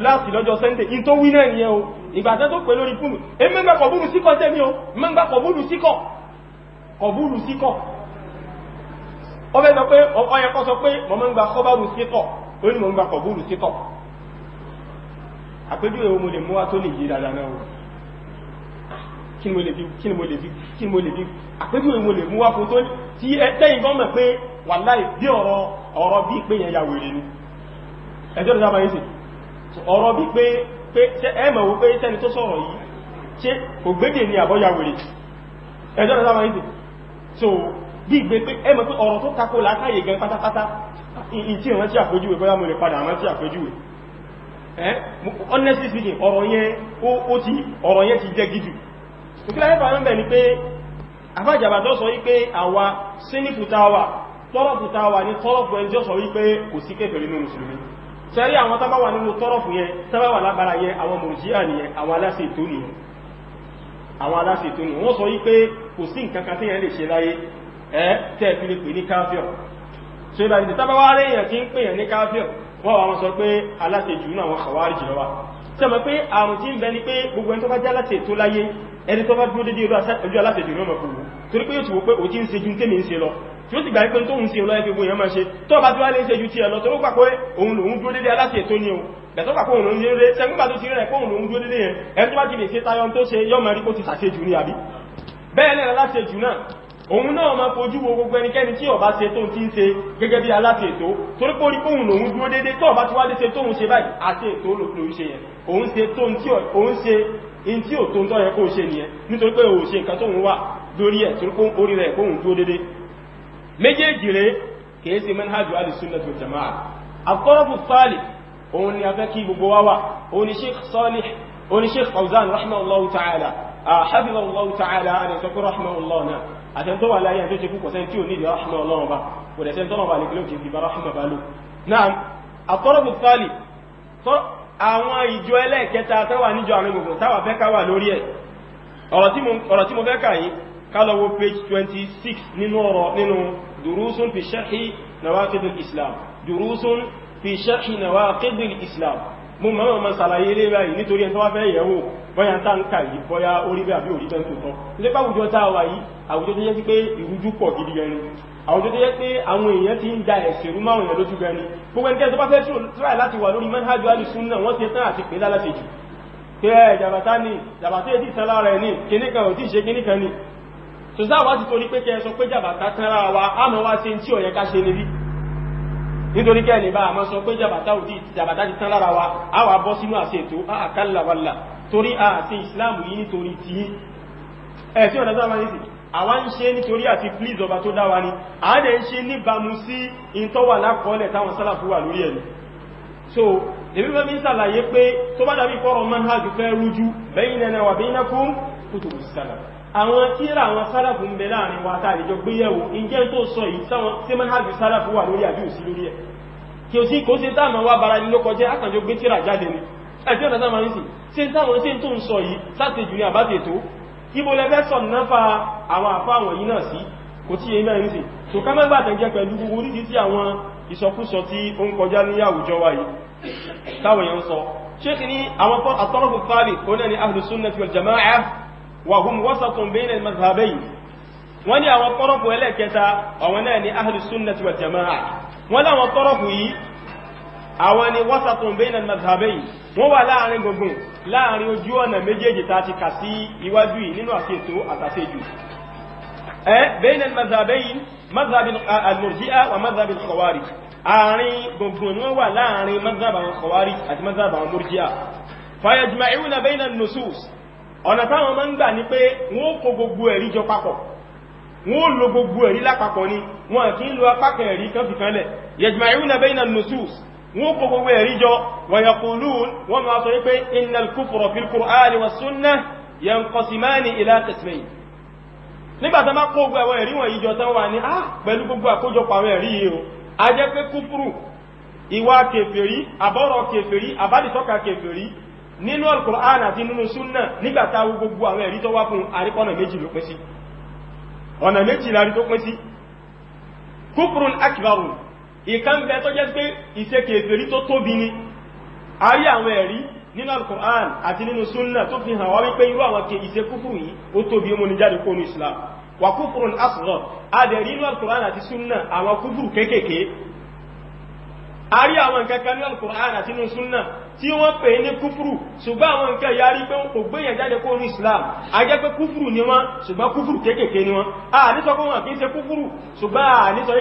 láti lọ́jọ́ sẹ́ntẹ̀ in tó wí náà nìyẹn o ìgbàtẹ́ tó pè lórí fúnmù e mẹ́gbà kọ̀búrù síkọ̀ tẹ́mi o mẹ́gbà kọ̀búrù síkọ̀ kọ̀búrù síkọ̀ ó fẹ́ sọ pé ọyẹ̀kọ́ sọ pé mọ́ mẹ́gbà kọ̀búrù síkọ̀ ó ní mọ́ mẹ́gbà kọ̀búrù síkọ̀ àpéjúwe o mo lè mú wá tó lè yí dáadáa náà o kí ni mo lè fi kí ni mo lè fi kí ni mo lè fi àpéjúwe mo lè mú wá fún tó tí ẹ tẹ́yìn gọ́mọ̀ pé wàláì bí ọ̀rọ̀ ọ̀rọ̀ bí ìpéyẹn ya wèrè ni ẹjọ́ ìjọba yìí sì ọ̀rọ̀ bí pé ẹmọ̀ wípé tẹ́ni tó sọ̀rọ̀ yìí ṣe ògbédè ní àbọ́yà wèrè ẹjọ́ rẹ̀ sáwọn ìdè so bí ìgbé pé ẹmọ̀ pé ọ̀rọ̀ tó takò látàyè gan pátápátá in tí ìrántí àpéjúwe bóyá mo lè padà rántí àpéjúwe honestly speaking ọ̀rọ̀ yẹn ó ti ọ̀rọ̀ yẹn ti jẹ́ gíjù òkúlá ẹ̀fà ń ni pé afájàbàtọ́ sọ wípé àwa sínìfùtáwà tọ́rọ̀fùtáwà ní tọ́rọ̀fù ẹni tí ó sọ wípé kò sí kéfèrè ní mùsùlùmí sẹ́rí àwọn tábà wà nínú tọ́rọ̀fù yẹn tábà wà lábára yẹn àwọn mùrùjíà nìyẹn àwọn aláṣẹ ètò nìyẹn àwọn aláṣẹ ètò nìyẹn wọ́n sọ wípé kò sí nǹkan kan téèyàn lè ṣe láyé ẹ tẹ́ fi lè pè ní káfíọ̀ so ìlànà ìdí tábà wá rí èèyàn tí ń pè yàn ní káfíọ̀ wọ́n wà wọn sọ tí ó sì gbà ipin tóhun sí ọlọ́yẹ́ gbogbo èèyàn máa ṣe tó bá tí wá lè ṣe ju ti ẹ̀lọ tó pàpọ̀ òun lòun dúró dédé aláṣẹ tó ní o gbẹ̀tọ́ pàpọ̀ òun lòun yẹ́rẹ́ sẹ́gbùgbà tó ti rẹ̀ pọ̀ òun lòun dúró dédé yẹn ẹni tó bá ti lè ṣe tayọ tó ṣe yọ́ mọ̀ rí kó ti ṣàṣejù ní àbí bẹ́ẹ̀ náà aláṣẹ jù náà òun náà máa fojú wo gbogbo ẹnikẹ́ni tí ó bá ṣe tó ti ń ṣe gẹ́gẹ́ bí aláṣẹ ètò torí pé orí pòun lòun dúró dédé tó bá ti wá lè ṣe tóun ṣe báyìí àti ètò lòun ṣe yẹn òun ṣe tó ń tí ò tó ń tọ́ yẹ kó ṣe nìyẹn nítorí pé òun ṣe nǹkan tóun wà lórí ẹ̀ méjèèjì rẹ̀ kìí ṣe manhajù alìsúnnàtì wal jama'a àkọ́rọ̀bù fàálì òun ni a fẹ́ kí gbogbo wáwà òun ni sheikh salih òun ni sheikh fauzan rahimahullahu ta'ala hafizahullahu ta'ala a lè sọ pé rahimahullahu náà àtẹ́ntọ́ wà láyé àtẹ́ntọ́ kú kọ̀sẹ́ tí ò ní ìdí rahimahullahu ba kò dẹ̀ tẹ́ntọ́ wà lè kí ló kìí fi bá rahimahalu náà àkọ́rọ̀bù fàálì àwọn ìjọ ẹlẹ́ẹ̀kẹta tẹ́wà níjọ àwọn gbogbo táwà fẹ́ káwà lórí ẹ̀ ọ̀rọ̀ tí mo fẹ́ kàyí ká lọ wo page 26 nínú ọ̀rọ̀ nínú دروس في شرح نواقض الإسلام دروس في شرح نواقض الإسلام mo mọ́ mọ́ sàlàyé ilé báyìí nítorí ẹni tó wá fẹ́ ìyẹ̀wò bọ́yá tá ń kàyí bọ́yá orí bẹ́ àbí òrítẹ́ tó tán nípa àwùjọ tá wà yìí àwùjọ tó yẹ sí pé ìrújú pọ̀ gidi gan ni àwùjọ tó yẹ pé àwọn èèyàn ti ń da ẹ̀sìn rú máwùn èèyàn lójú gan ni gbogbo ẹnikẹ́ni tó bá fẹ́ tíráì láti wà lórí manhaj al-sunnah wọ́n ti tán àti pé lálásejù pé jàbátá ni jàbátá èdè ìtàn lára ẹ̀ ní kíníkan ò tí ì ṣe kíníkan ni tó sáwá ti torí pé kẹ́ sọ pé jàbàtà tánra wa á mọ́ wá sí tí ọ̀yẹ́ ká ṣe lérí nítorí kẹ́ lè bá àmọ́ sọ pé jàbàtà ò ti jàbàtà ti tán lára wa á wà bọ́ sínú àṣẹ ètò àkàlàwàlà torí àṣẹ ìsìláàmù yìí nítorí tí ẹ̀ sí ọ̀nà sáwá nìsí àwa ń ṣe nítorí àti please ọba tó dá wa ni a dẹ̀ ń ṣe níbàmú sí ìtọ́wà lákọọ́lẹ̀ táwọn sálàfù wà lórí ẹ̀lú so èmi fẹ́ mi ń sàlàyé pé tó bá dàbí fọ́rọ̀ manhajù fẹ́ rújú bẹ́yìn ẹ̀nà wà bẹ́yìn ẹ̀kún kútùbù sálàfù àwọn tíra àwọn sálàfù ń bẹ láàrin wa tàà ìjọ gbéyẹ̀wò ìjẹ́ tó sọ yìí tí mọ́ hajjú sálàfù wà lórí àbí òsì lórí ẹ̀ kí o sí kó sí táàmà wá bara ní lókọ jẹ́ àkànjọ gbé tíra jáde ni ẹ̀fí ọ̀nà táàmà ní sí tí táwọn tí tó ń sọ yìí sátẹjù ní àbá tètò ibo lẹfẹ́ sọ náfà àwọn àfá àwọn yìí náà sí kò tí yẹn mẹ́rin sí tó ká mẹ́gbà tẹ́jẹ́ pẹ̀lú gbogbo oríṣi tí àwọn ìsọkúsọ tí ó ń kọjá ní àwùjọ wa yìí táwọn èèyàn sọ ṣé kì ní àwọn atọ́rọ̀kù fáàlì onáni وهم وسط بين المذهبين wọ́n ní àwọn tọ́rọ̀kù ẹlẹ́ẹ̀kẹta àwọn náà ni ahlu sunnati wal jama'a wọ́n láwọn tọ́rọ̀kù yìí àwọn ni wasatun bayna al-madhhabayn wọ́n wà láàrin gbogbo láàrin ojú ọ̀nà méjèèjì ta ti kà sí iwájú yìí nínú àṣètò àtàṣejù bayna al-madhhabayn madhhab al-murji'a wa madhhab al-khawarij àárín gbogbo wọ́n wà láàrin madhhab àwọn àti madhhab àwọn murji'a fa yajma'una bayna nusus ọ̀nà táwọn máa ń gbà ní pé wọ́n kó gbogbo ẹ̀rí jọ papọ̀ wọ́n lo gbogbo ẹ̀rí lápapọ̀ ni wọ́n kí ń lo apákan ẹ̀rí kan fi kanlẹ̀ yajma'una bayna nusus wọ́n kó gbogbo ẹ̀rí jọ wa yaqulun wọ́n máa sọ wípé innal kufra fil qur'ani was sunnah yanqasimani ila qismayn nígbà tó bá kó nínú al-Qur'an àti nínú súnnà nígbàtà gbogbo àwọn ẹ̀rí tó wá fún àríkọ́nà méjì ló pín sí ọ̀nà méjì lárí tó pín sí kufrun akbaru ìkan bẹ tó jẹ́ pé ìṣẹ́kẹ̀ èfèrí tó tóbi ni a rí àwọn ẹ̀rí nínú al-Qur'an àti nínú súnnà tó fi hàn wá wípé irú àwọn kè ìṣẹ́ kúfùrù yìí ó tóbi mú ní jáde kó quran àti súnnà àwọn kúfùrù kéékèèké a rí àwọn quran àti nínú súnnà tí wọ́n pè ní kúfùrù ṣùgbọ́n àwọn nǹkan yarí pé kò gbéyàn jáde kó ní islam a jẹ́ pé kúfùrù ni wọ́n ṣùgbọ́n kúfùrù kéékèèké ni wọ́n a nítọ́ pé wọ́n kìí ṣe kúfùrù ṣùgbọ́n a nítọ́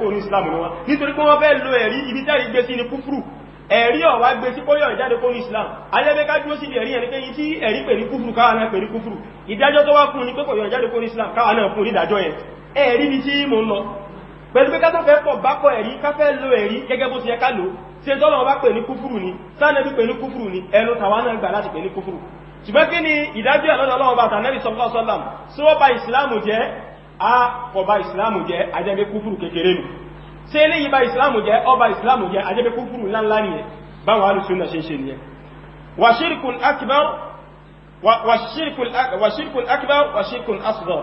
pé islam ni wọ́n nítorí pé wọ́n ẹ̀rí ni kúfùrù ẹ̀rí ọ̀wá gbé sí pọ́yọ̀ ìjáde islam ayẹ́bẹ́ká dúró sí ẹ̀rí ẹni pé yí tí ẹ̀rí pè ní kúfùrù káwà náà pè ní kúfùrù ìdájọ́ tó islam káwà náà fún ni tí mo ń lọ pẹ̀lú pé káta fẹ́ pọ̀ bápọ̀ ẹ̀rí káfẹ́ lo ẹ̀rí gẹ́gẹ́ bó ti yẹ ká lò ṣe tọ́lọ̀ bá pè ní kúfùrù ni sáàdẹ̀bí pè ní kúfùrù ni ẹnu tàwa náà gbà láti pè ní kúfùrù ṣùgbọ́n kí ni ìdájọ́ àlọ́dọ̀ ọlọ́run bá tànẹ́bì sọ́lọ́sọ́lọ́m sí wọ́n ba ìsìláàmù jẹ́ a kò ba ìsìláàmù jẹ́ ajẹ́bí kúfùrù kékeré nù ba ìsìláàmù jẹ́ ọ ba ìsìláàmù jẹ́ ajẹ́bí kúfùrù ńláńlá nìyẹn báwọn alùsùnà ṣe ń ṣe nìyẹn wàṣírkùn akbar wàṣírkùn akbar wàṣírkùn asghar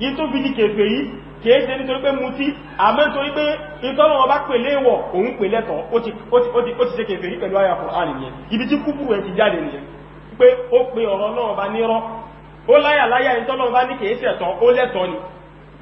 yí tó fi ní kèfèrí yìí kèése nítorí pé mú tí àmẹ́ntò wípé ìtọ́lọ́wọ́ bá pèlé ìwọ̀ òun pèlé tọ́ ó ti ṣe kèfèrí pẹ̀lú àyà Kùránì ibi tí kúkú rẹ̀ ti jáde nìyẹn pé ó pe ọ̀rọ̀ náà bá nírọ́ ó láyà láyà ní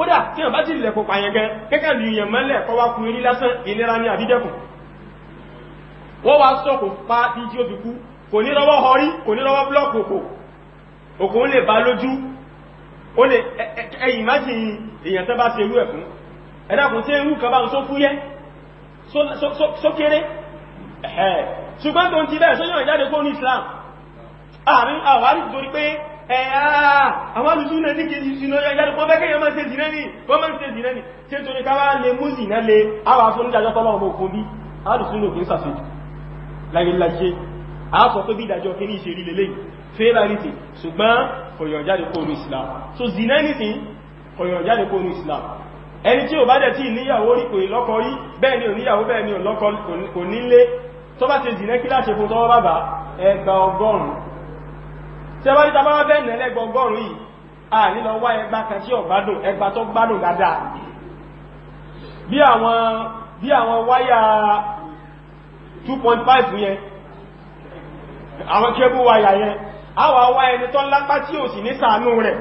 kódà tí wọ́n bá ti lẹ̀kùn pàyẹ̀gẹ́ kẹ́kẹ́ lè yẹn mẹ́lẹ̀ kọ́ wá kún orí lásán ìnira ní àdídẹ́kùn wọ́n wá sọ́kò pa bí tí ó fi kú kò ní rọwọ́ họrí kò ní rọwọ́ blọ́ọ̀kì òkò òkò ń lè bá lójú ó lè ẹ̀yìn má ti èèyàn tẹ́ bá ti irú ẹ̀ fún ẹ̀dàkùn tí irú kan bá ń só fúyẹ́ sókéré ṣùgbọ́n tó ń ti bẹ́ẹ̀ sóyàn ìjáde kó ní Islam àárín àwárí torí pé ẹ̀yà eh, ah, àwọn alùsùn náà ní kí ìsinú ẹgbẹ́rẹ́ pọ́ bẹ́kẹ́ yẹn máa ṣe jìnà ní wọ́n máa ṣe jìnà ní tí ó torí káwàá lè mú jìnà lè àwà fún ìdájọ́ tọ́lọ́ ọmọ òkun bí alùsùn òkun sàfihàn láyéláyé àásọ pé bí ìdájọ́ kí ní ìṣèrí lélẹ́yìn fẹ́rarìtì ṣùgbọ́n kọ̀yọ̀jáde kó ní Islam so zina anything kọ̀yọ̀jáde kó ní Islam ẹni tí ò bá dẹ̀ tí ìníyàwó rí kò ní lọ́kọ rí bẹ́ẹ̀ ni òníyàwó bẹ́ẹ̀ ni òlọ́kọ kò nílé tó bá ti zina kí láṣẹ fún tọwọ́ bàbá ẹgbà ọgọ́rùn-ún tí a bá ní tàbá bẹ́ẹ̀ nẹ́lẹ́ gbọgọ́rùn yìí a nílọ wá ẹgbà kan tí ọ̀gbádùn ẹgbà tó gbádùn dáadáa bí àwọn bí àwọn wáyà 2.5 yẹn àwọn kébù wáyà yẹn a wà wá ẹni tó lápá tí ò sì ní sàánú rẹ̀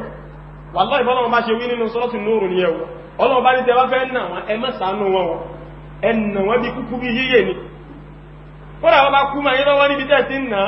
wàláhì bọ́lọ́run bá ṣe wí nínú sọ́lọ́tù nóòrù ní ẹwọ ọlọ́run bá ní tẹ́wà fẹ́ nà wọn ẹ má wọn wọn ẹnà wọn bí kúkú bí yíyè ni kódà wọn bá kú máa yẹ́ lọ́wọ́ níbi tẹ́ ti ń náà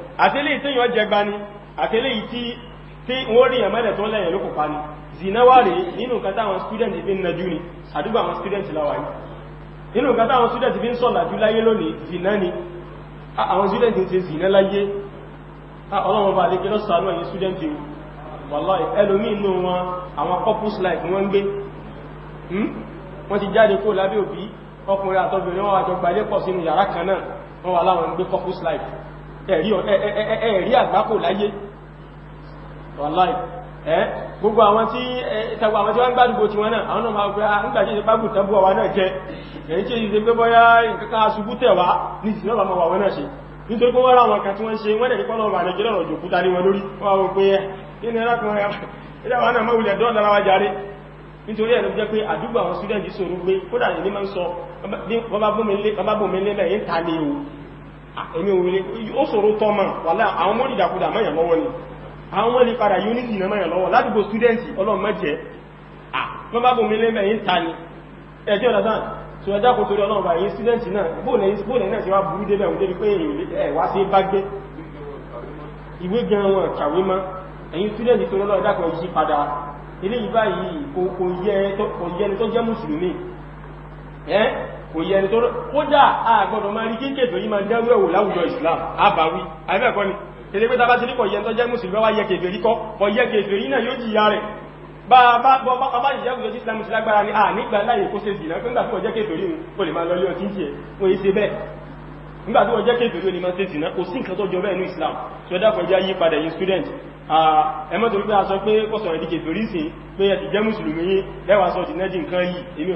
àtẹ́lẹ̀ tí yọ jẹ gbani àtẹ́lẹ̀ tí tí wọ́n rí ẹ̀mẹ́lẹ̀ tó lẹ́yìn lókò pa ní zinawari nínú kata àwọn student fi ń najú ni àdúgbà àwọn student láwáyé nínú kata àwọn student fi ń sọ̀làjú láyé lónìí zina ni àwọn student ń ṣe zina láyé ọlọ́run bá lékẹ́ lọ́sàánú ẹ̀yìn student wallahi ẹlòmí inú wọn àwọn life wọ́n ń gbé hmm? wọ́n ti jáde kó lábẹ́ òbí ọkùnrin àtọbìnrin wọn àjọ gbàlẹ́pọ̀ sínú yàrá wà láwọn ń gbé couples life ẹ̀rí àgbákò láyé wàláì ẹ́ gbogbo àwọn tí tàbí àwọn tí wọ́n ń gbádùgbò tí wọ́n náà àwọn náà máa gbé àgbàjẹ́ ìṣẹ́ pàgbù tàbí àwọn náà jẹ́ èyí tí ìṣẹ́ pé bọ́yá ìkẹ́kẹ́ aṣubú tẹ̀wá ní ìṣẹ́ ṣe nítorí wọ́n ra wọn kan náà mọ́wulẹ̀ nítorí ní Ah, èmi òwúlé ó sọ̀rọ̀ tọ́mà wàlá àwọn mọ́ ìdàkudà mọ́yàn lọ́wọ́ ni àwọn wọ́n lè padà unity na mọ́yàn lọ́wọ́ ládùgbò students ọlọ́mọ́jẹ́ lọ́bàbò ah, mi lẹ́mẹ̀ yí ta ni ẹjẹ́ ọ̀dásán tí ó dákò torí ọlọ́run bá yí students náà bóòlẹ̀ náà sí wá burú débẹ̀ òun débi pé ẹ̀wá sí bá gbé ìwé gan wọn kàwé mọ́ ẹ̀yin students torí ọlọ́run dákò yí padà ilé yìí báyìí kò yẹ ẹni tó jẹ́ mùsùlùmí kò yẹ ẹni tó kódà àgbọ̀dọ̀ máa rí kíkè tó Islam àbáwí àbẹ́ẹ̀kọ́ ni kèdè pé tàbá ti rí kọ̀yẹ́ tó jẹ́ mùsùlùmí wá yẹ kèfèrí kọ́ kọ̀yẹ́ nígbà tí wọ́n jẹ́ kèfèrí o lè máa lọ yọ o yí ṣe bẹ́ẹ̀ nígbà tí wọ́n jẹ́ kèfèrí o lè kò sí nǹkan tó jọ bẹ́ẹ̀ ní Islam tí ó dákọ̀ jẹ́ yí padà yìí student ẹmọ́ tó wípé a sọ pé kọ́sọ̀rọ̀ ìdíkèfèrí sí pé ẹ ti jẹ́ mùsùlùmí lẹ́wàá sọ jìnà jì nǹkan yìí èmi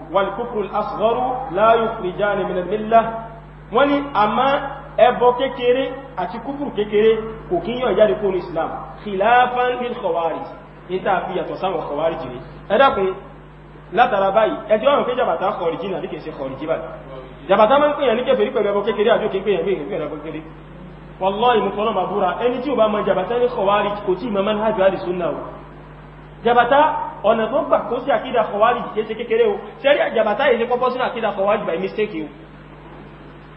wàlùkúkúrù asgharu la yukhrijani min al-millah wọ́n ní àmá ẹbọ kékeré àti kúkúrù kékeré kò kí yọ ìjáde kó ní islam khilafan lil khawarij níta fi yàtọ̀ sáwọn khawarij jìrì ẹ̀dàkùn látara báyìí ẹjọ́ ọ̀rùn pé jàbàtà khawarij náà níkẹ̀ sí khawarij báyìí jàbàtà máa ń pèyàn ní kẹfẹ̀rí ẹbọ kékeré àjọ kékeré ẹ̀mí ìrìnlẹ̀ ẹbọ kékeré wallahi ìmúfọ́nà màbúra ẹni tí ò bá mọ jàbàtà ní khawarij kò tí ì mọ manhaj ahli sunnah jabata ọ̀nà tó gbà kó sí àkídà kọwàlì jẹ́ ṣe kékeré o ṣẹ́rí jabata yìí ní sínú àkídà kọwàlì by mistake o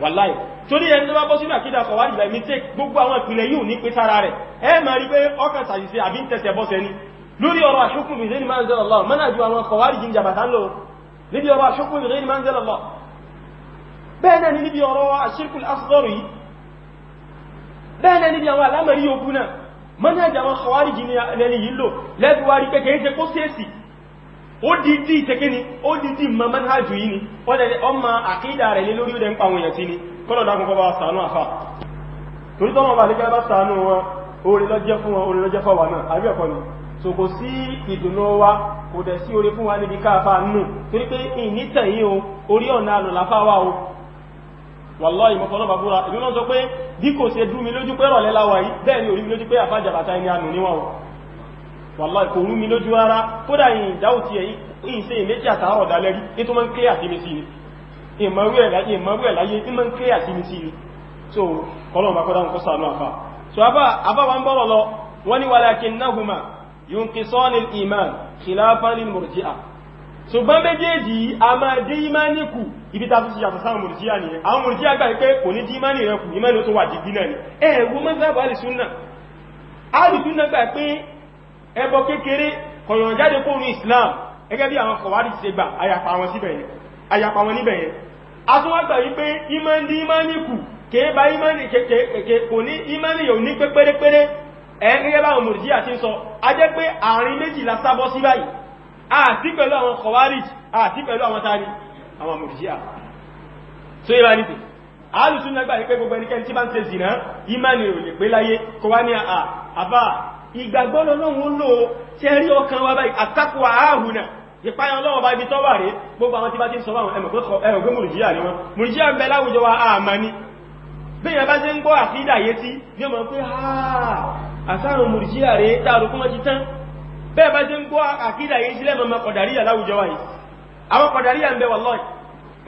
wàláì torí ẹni tó bá bọ́ sínú àkídà kọwàlì by mistake gbogbo àwọn ìpìlẹ̀ yìí ní pé sára rẹ̀ ẹ ma rí pé ọkàn sàyìsí àbí ń tẹsẹ̀ bọ́sẹ̀ ni lórí ọ̀rọ̀ àṣókùn bìí ní manzil Allah mọ́nà ju àwọn kọwàlì jí jabata ń lò níbi ọ̀rọ̀ àṣókùn bìí ní manzil Allah bẹ́ẹ̀ náà manhaj àwọn khawarij ní ẹni yìí lò lẹ́bíwárí pé kèése kó sèèsì ó dìdí ni, ó dìdí ma manhaj yìí ni ọmọ àkídà rẹ̀ lé lórí ó dẹ̀ ń pa sí ni kọ́lọ̀ dákùnkọ́ bá sànú àfà torí tọ́mọ̀ bá lè gẹ́bá sànú wọn orí lọ́jẹ́ fún wọn orí lọ́jẹ́ fọ́wà náà àbí ẹ̀kọ́ ni so kò sí ìdùnnú wa kò dẹ̀ sí orí fún wa níbi wallahi ìmọ̀fọ́lọ́bà búra ìlú náà sọ pé bí kò ṣe dú mi lójú pé rọ̀lẹ́ láwà yìí bẹ́ẹ̀ ni orí mi lójú pé àfájàbàtà ẹni àmì níwọ̀n wallahi kò rú mi lójú rárá kódà ìyìn ìdáwò ti ẹ̀yí ìṣe ìméjì àtàárọ̀ dalẹ́rí ní tó máa ń kílẹ̀ àti mi sí ni ìmọ̀rú ẹ̀ láyé ní máa ń kílẹ̀ ṣùgbọ́n méjèèjì a máa dé ìmáni kù ibi ta fi ṣe àtàsá àwọn mùrùjíà nìyẹn àwọn mùrùjíà gbà pé kò ní dí ìmáni rẹ kù ìmáni tó wà dìgbì náà ni ẹ̀ẹ̀wọ́ mẹ́sàbà alìsúnnà alìsúnnà gbà pé ẹbọ kékeré kọ̀yàn jáde Islam gẹ́gẹ́ bí àwọn kọ̀wárí ṣe gbà ayapa wọn níbẹ̀ yẹn a tún wá gbà wípé ìmáni dí ìmáni kù kèé bá ìmáni kèkèkè kò ní ìmáni yóò ní pé pérépéré ẹ̀ẹ́gẹ́gẹ́ bá àti pẹ̀lú àwọn kọwárìtì àti pẹ̀lú àwọn tari àwọn mọ̀jíà so yíra nìtì alùsùn lágbà ní pé gbogbo ẹnikẹ́ni tí bá ń ṣe zìnà ìmánì ò lè pé láyé kò wá ní àà àbá ìgbàgbọ́lọ́ lọ́wọ́ lò tẹ́rí ọkàn wá báyìí àtàkùwà ààrùn náà ìpáyàn lọ́wọ́ bá ibi tọ́wà rí gbogbo àwọn tí bá ti ń sọ báwọn ẹmọ̀gbé mùrùjíà ni bẹ́ẹ̀ bá jẹ́ ń gbọ́ àkídà yìí sílẹ̀ mọ́ kọ̀dàríyà láwùjọ wáyìí àwọn kọ̀dàríyà ń bẹ wallahi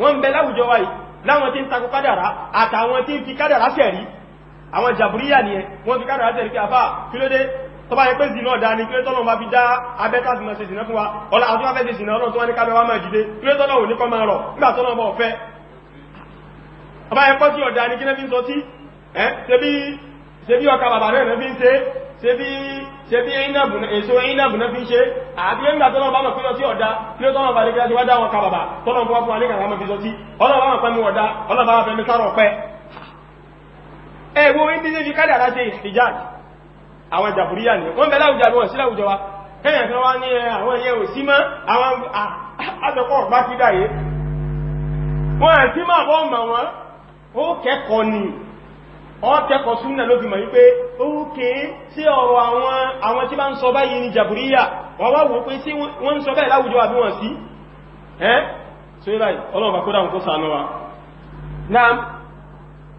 wọ́n ń bẹ láwùjọ wáyìí láwọn tí ń takò kádàrá àtàwọn tí ń fi kádàrá sẹ̀rí àwọn jàbúríyà ni ẹ wọ́n fi kádàrá sẹ̀rí pé àfá kílódé tó bá yẹ pé zìnà ọ̀dá ni kílódé tọ́lọ́ ma fi dá abẹ́ta sí máa ṣe zìnà fún wa ọlá àwọn tó wá fẹ́ ṣe zìnà ọlọ́run tó wá ní kábẹ́ wá máa dìde kílódé tọ́lọ́ ò ní kọ́ máa rọ̀ nígbà tọ́lọ́ bọ̀ fẹ́ ọba ẹ̀kọ́ tí ọ̀dá ni kí ní fi ń sọ tí ẹ́ ṣe bí ọkà bàbá náà fi ń ṣe ṣe bí èso ìnàbù náà fi ń ṣe àti ẹgbà tọ́lọ̀ bá mọ̀ pínlọ tí ọ̀dá kí ó tọ́lọ̀ bá lè gílájú wájá wọn kàbàbà tọ́lọ̀ bá fún alẹ́ kàrà mọ̀ fi sọ tí ọlọ́bàá mọ̀ pẹ́mú ọ̀dá ọlọ́bàá fẹ́mí kárọ̀ pẹ́ ẹgbó ń bí ṣe fi kádàrá ṣe ìjáàjì àwọn jàbùríyà ni wọ́n bẹ̀lá òjà wọn sílá òjọ wa kẹ́yàn kan wá ní ah, àwọn ẹyẹ ò sí mọ́ àwọn àjọpọ̀ ah, bá kí dáyé wọ́n àti máa bọ́ mọ̀ wọ́n ó kẹ́kọ̀ọ́ ni ọ́kẹ́kọ̀ọ́ súnnà ló fi mọ̀ wípé ókè tí ọ̀rọ̀ àwọn tí bá ń sọ báyìí ni jàbúríyà wọ́n wá wò pé sí wọ́n ń sọ báyìí láwùjọ àbí wọ́n sí ẹ́ so ilá ọlọ́ọ̀bà kó dáhùn kó sànú wa náà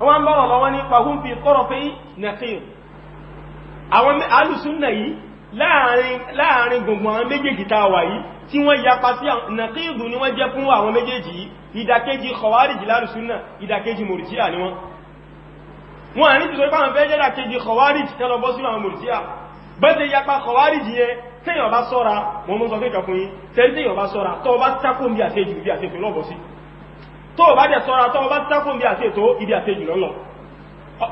wọ́n bá wọ́n lọ́wọ́ ní pàhún fi kọ́rọ̀ pé nàkír àwọn alùsúnnà yìí láàrin gbogbo àwọn ìdàkejì kọ̀wárìjì lálùsúnnà ìdàkejì mòrìjíà ni wọ́n wọn àní tìtorí pàwọn fẹ́ jẹ́dà kejì kọwárìjì tẹ́lọ bọ́ sí àwọn mùrùtíà bẹ́ẹ̀ yapa kọwárìjì yẹ tẹ́yàn bá sọ́ra mọ́ mọ́ sọ kéka fún yín tẹ́yàn bá sọ́ra tọ́ bá tákùn bí àṣejù bí àṣejù lọ́bọ̀ sí tọ́ bá jẹ́ sọ́ra tọ́ bá tákùn bí àṣejù ibi àṣejù lọ́lọ́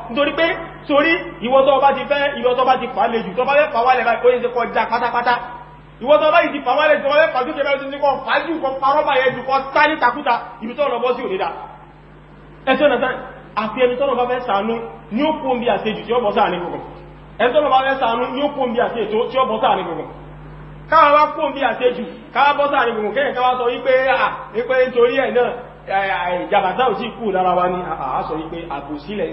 nítorí pé torí ìwọ́tọ́ bá ti fẹ́ ìwọ́tọ́ bá ti pàálẹ̀ jù tọ́ bá fẹ́ pàwálẹ̀ báyìí ó yẹ ṣe kọjá pátápátá ìwọ́tọ́ bá ìdí pàwálẹ̀ tí wọ́n fẹ́ pàjú kẹfẹ́ tí kọ́ pàájú kọ parọ́bà yẹ jù kọ́ tá ní takúta ibi tọ́ lọ bọ́ sí òdídà ẹ̀ṣẹ́ ọ̀nà àfi ẹni tọ́nà bá fẹ́ sànú ní ó kún bí àṣejù tí ó bọ́ sáà ní gbogbo ẹni tọ́nà bá fẹ́ sànú ní ó kún bí àṣejù tí ó bọ́ sáà ní gbogbo káwà wá kún bí àṣejù káwà bọ́ sáà ní gbogbo kéyàn káwà sọ wípé à nítorí ẹ̀ náà ìjàbàtà ò kú lára wa ní àà sọ wípé àbòsí lẹ́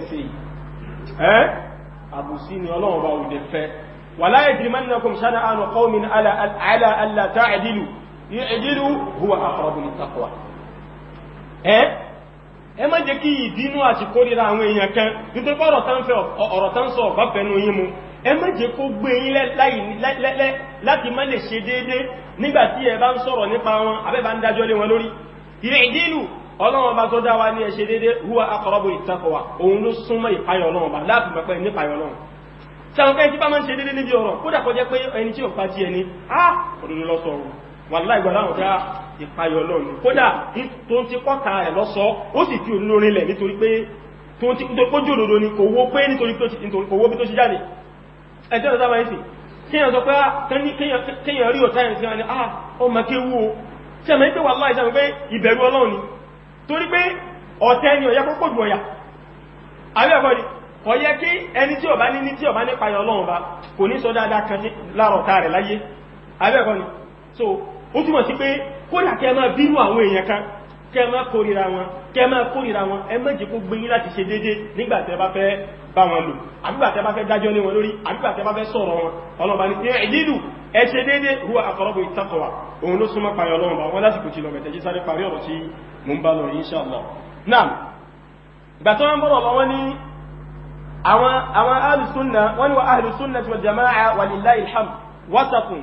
ń ẹ má jẹ́ kí ìbínú àti kórìíra àwọn èèyàn kan nítorí pé ọ̀rọ̀ tán sọ ọ̀bá fẹ́nu yín mu ẹ má jẹ́ kó gbé yín lẹ́lẹ́ láti má lè ṣe déédé nígbàtí ẹ bá ń sọ̀rọ̀ nípa wọn abẹ́ bá ń dájọ́ lé wọn lórí wa ní ẹ ṣe déédé huwa aqrabu ittaqwa òun ló súnmọ́ ìpayọ̀ ọlọ́wọ́n bá láti mọ̀ pé nípayọ̀ ọlọ́wọ́n sàwọn ẹni tí bá máa ń ṣe déédé níbi ọ̀rọ̀ wàlá ìgbà láwọn já ìpayọ̀ ọlọ́run kódà tó ń ti kọ́ta ẹ̀ lọ́sọ ó sì fi olórin lẹ̀ nítorí pé tó ń ti kójú òdòdó ni kò wó pé nítorí kò wó bí tó ṣe jáde ẹjọ́ ìdọ́ta máa ń sìn kíyàn sọ pé ah, kíyàn rí ọ̀tá sí ah o tí ẹ̀mọ̀ ìpé wà láìsàn pé ìbẹ̀rù ni torí pé ọ̀tẹ́ ni ọ̀yẹ́ púpọ̀ jù ọ̀yà àríọ̀kọ́dì kò yẹ kí ẹni tí ọba ní ní tí ọba nípa ọlọ́run bá kò ní sọ dáadáa kan sí láàrọ̀ta rẹ̀ láyé àríọ̀kọ́dì so ó túnmọ̀ sí pé kódà kẹ máa bínú àwọn èèyàn kan kẹ máa kórìíra wọn kẹ máa kórìíra wọn ẹ má jẹ́ kó gbé yín láti ṣe déédéé nígbà tẹ́ bá fẹ́ bá wọn lò àbígbà tẹ́ bá fẹ́ dájọ́ lé wọn lórí àbígbà tẹ́ bá fẹ́ sọ̀rọ̀ wọn ọlọ́ba ní ẹ̀dídù ẹ ṣe déédéé huwa aqrabu ittaqwa òun ló súnmọ́ parí ọlọ́run bá wọn lásìkò tí lọ mẹ̀tẹ̀ jí sáré parí ọ̀rọ̀ tí mò ń bá lọ insha Allah náà ìgbà tó ń bọ̀rọ̀ lọ wọ́n ní àwọn ahlu sunna wọ́n ní wa ahlu sunnati wal jama'a walillahi alhamd wasatun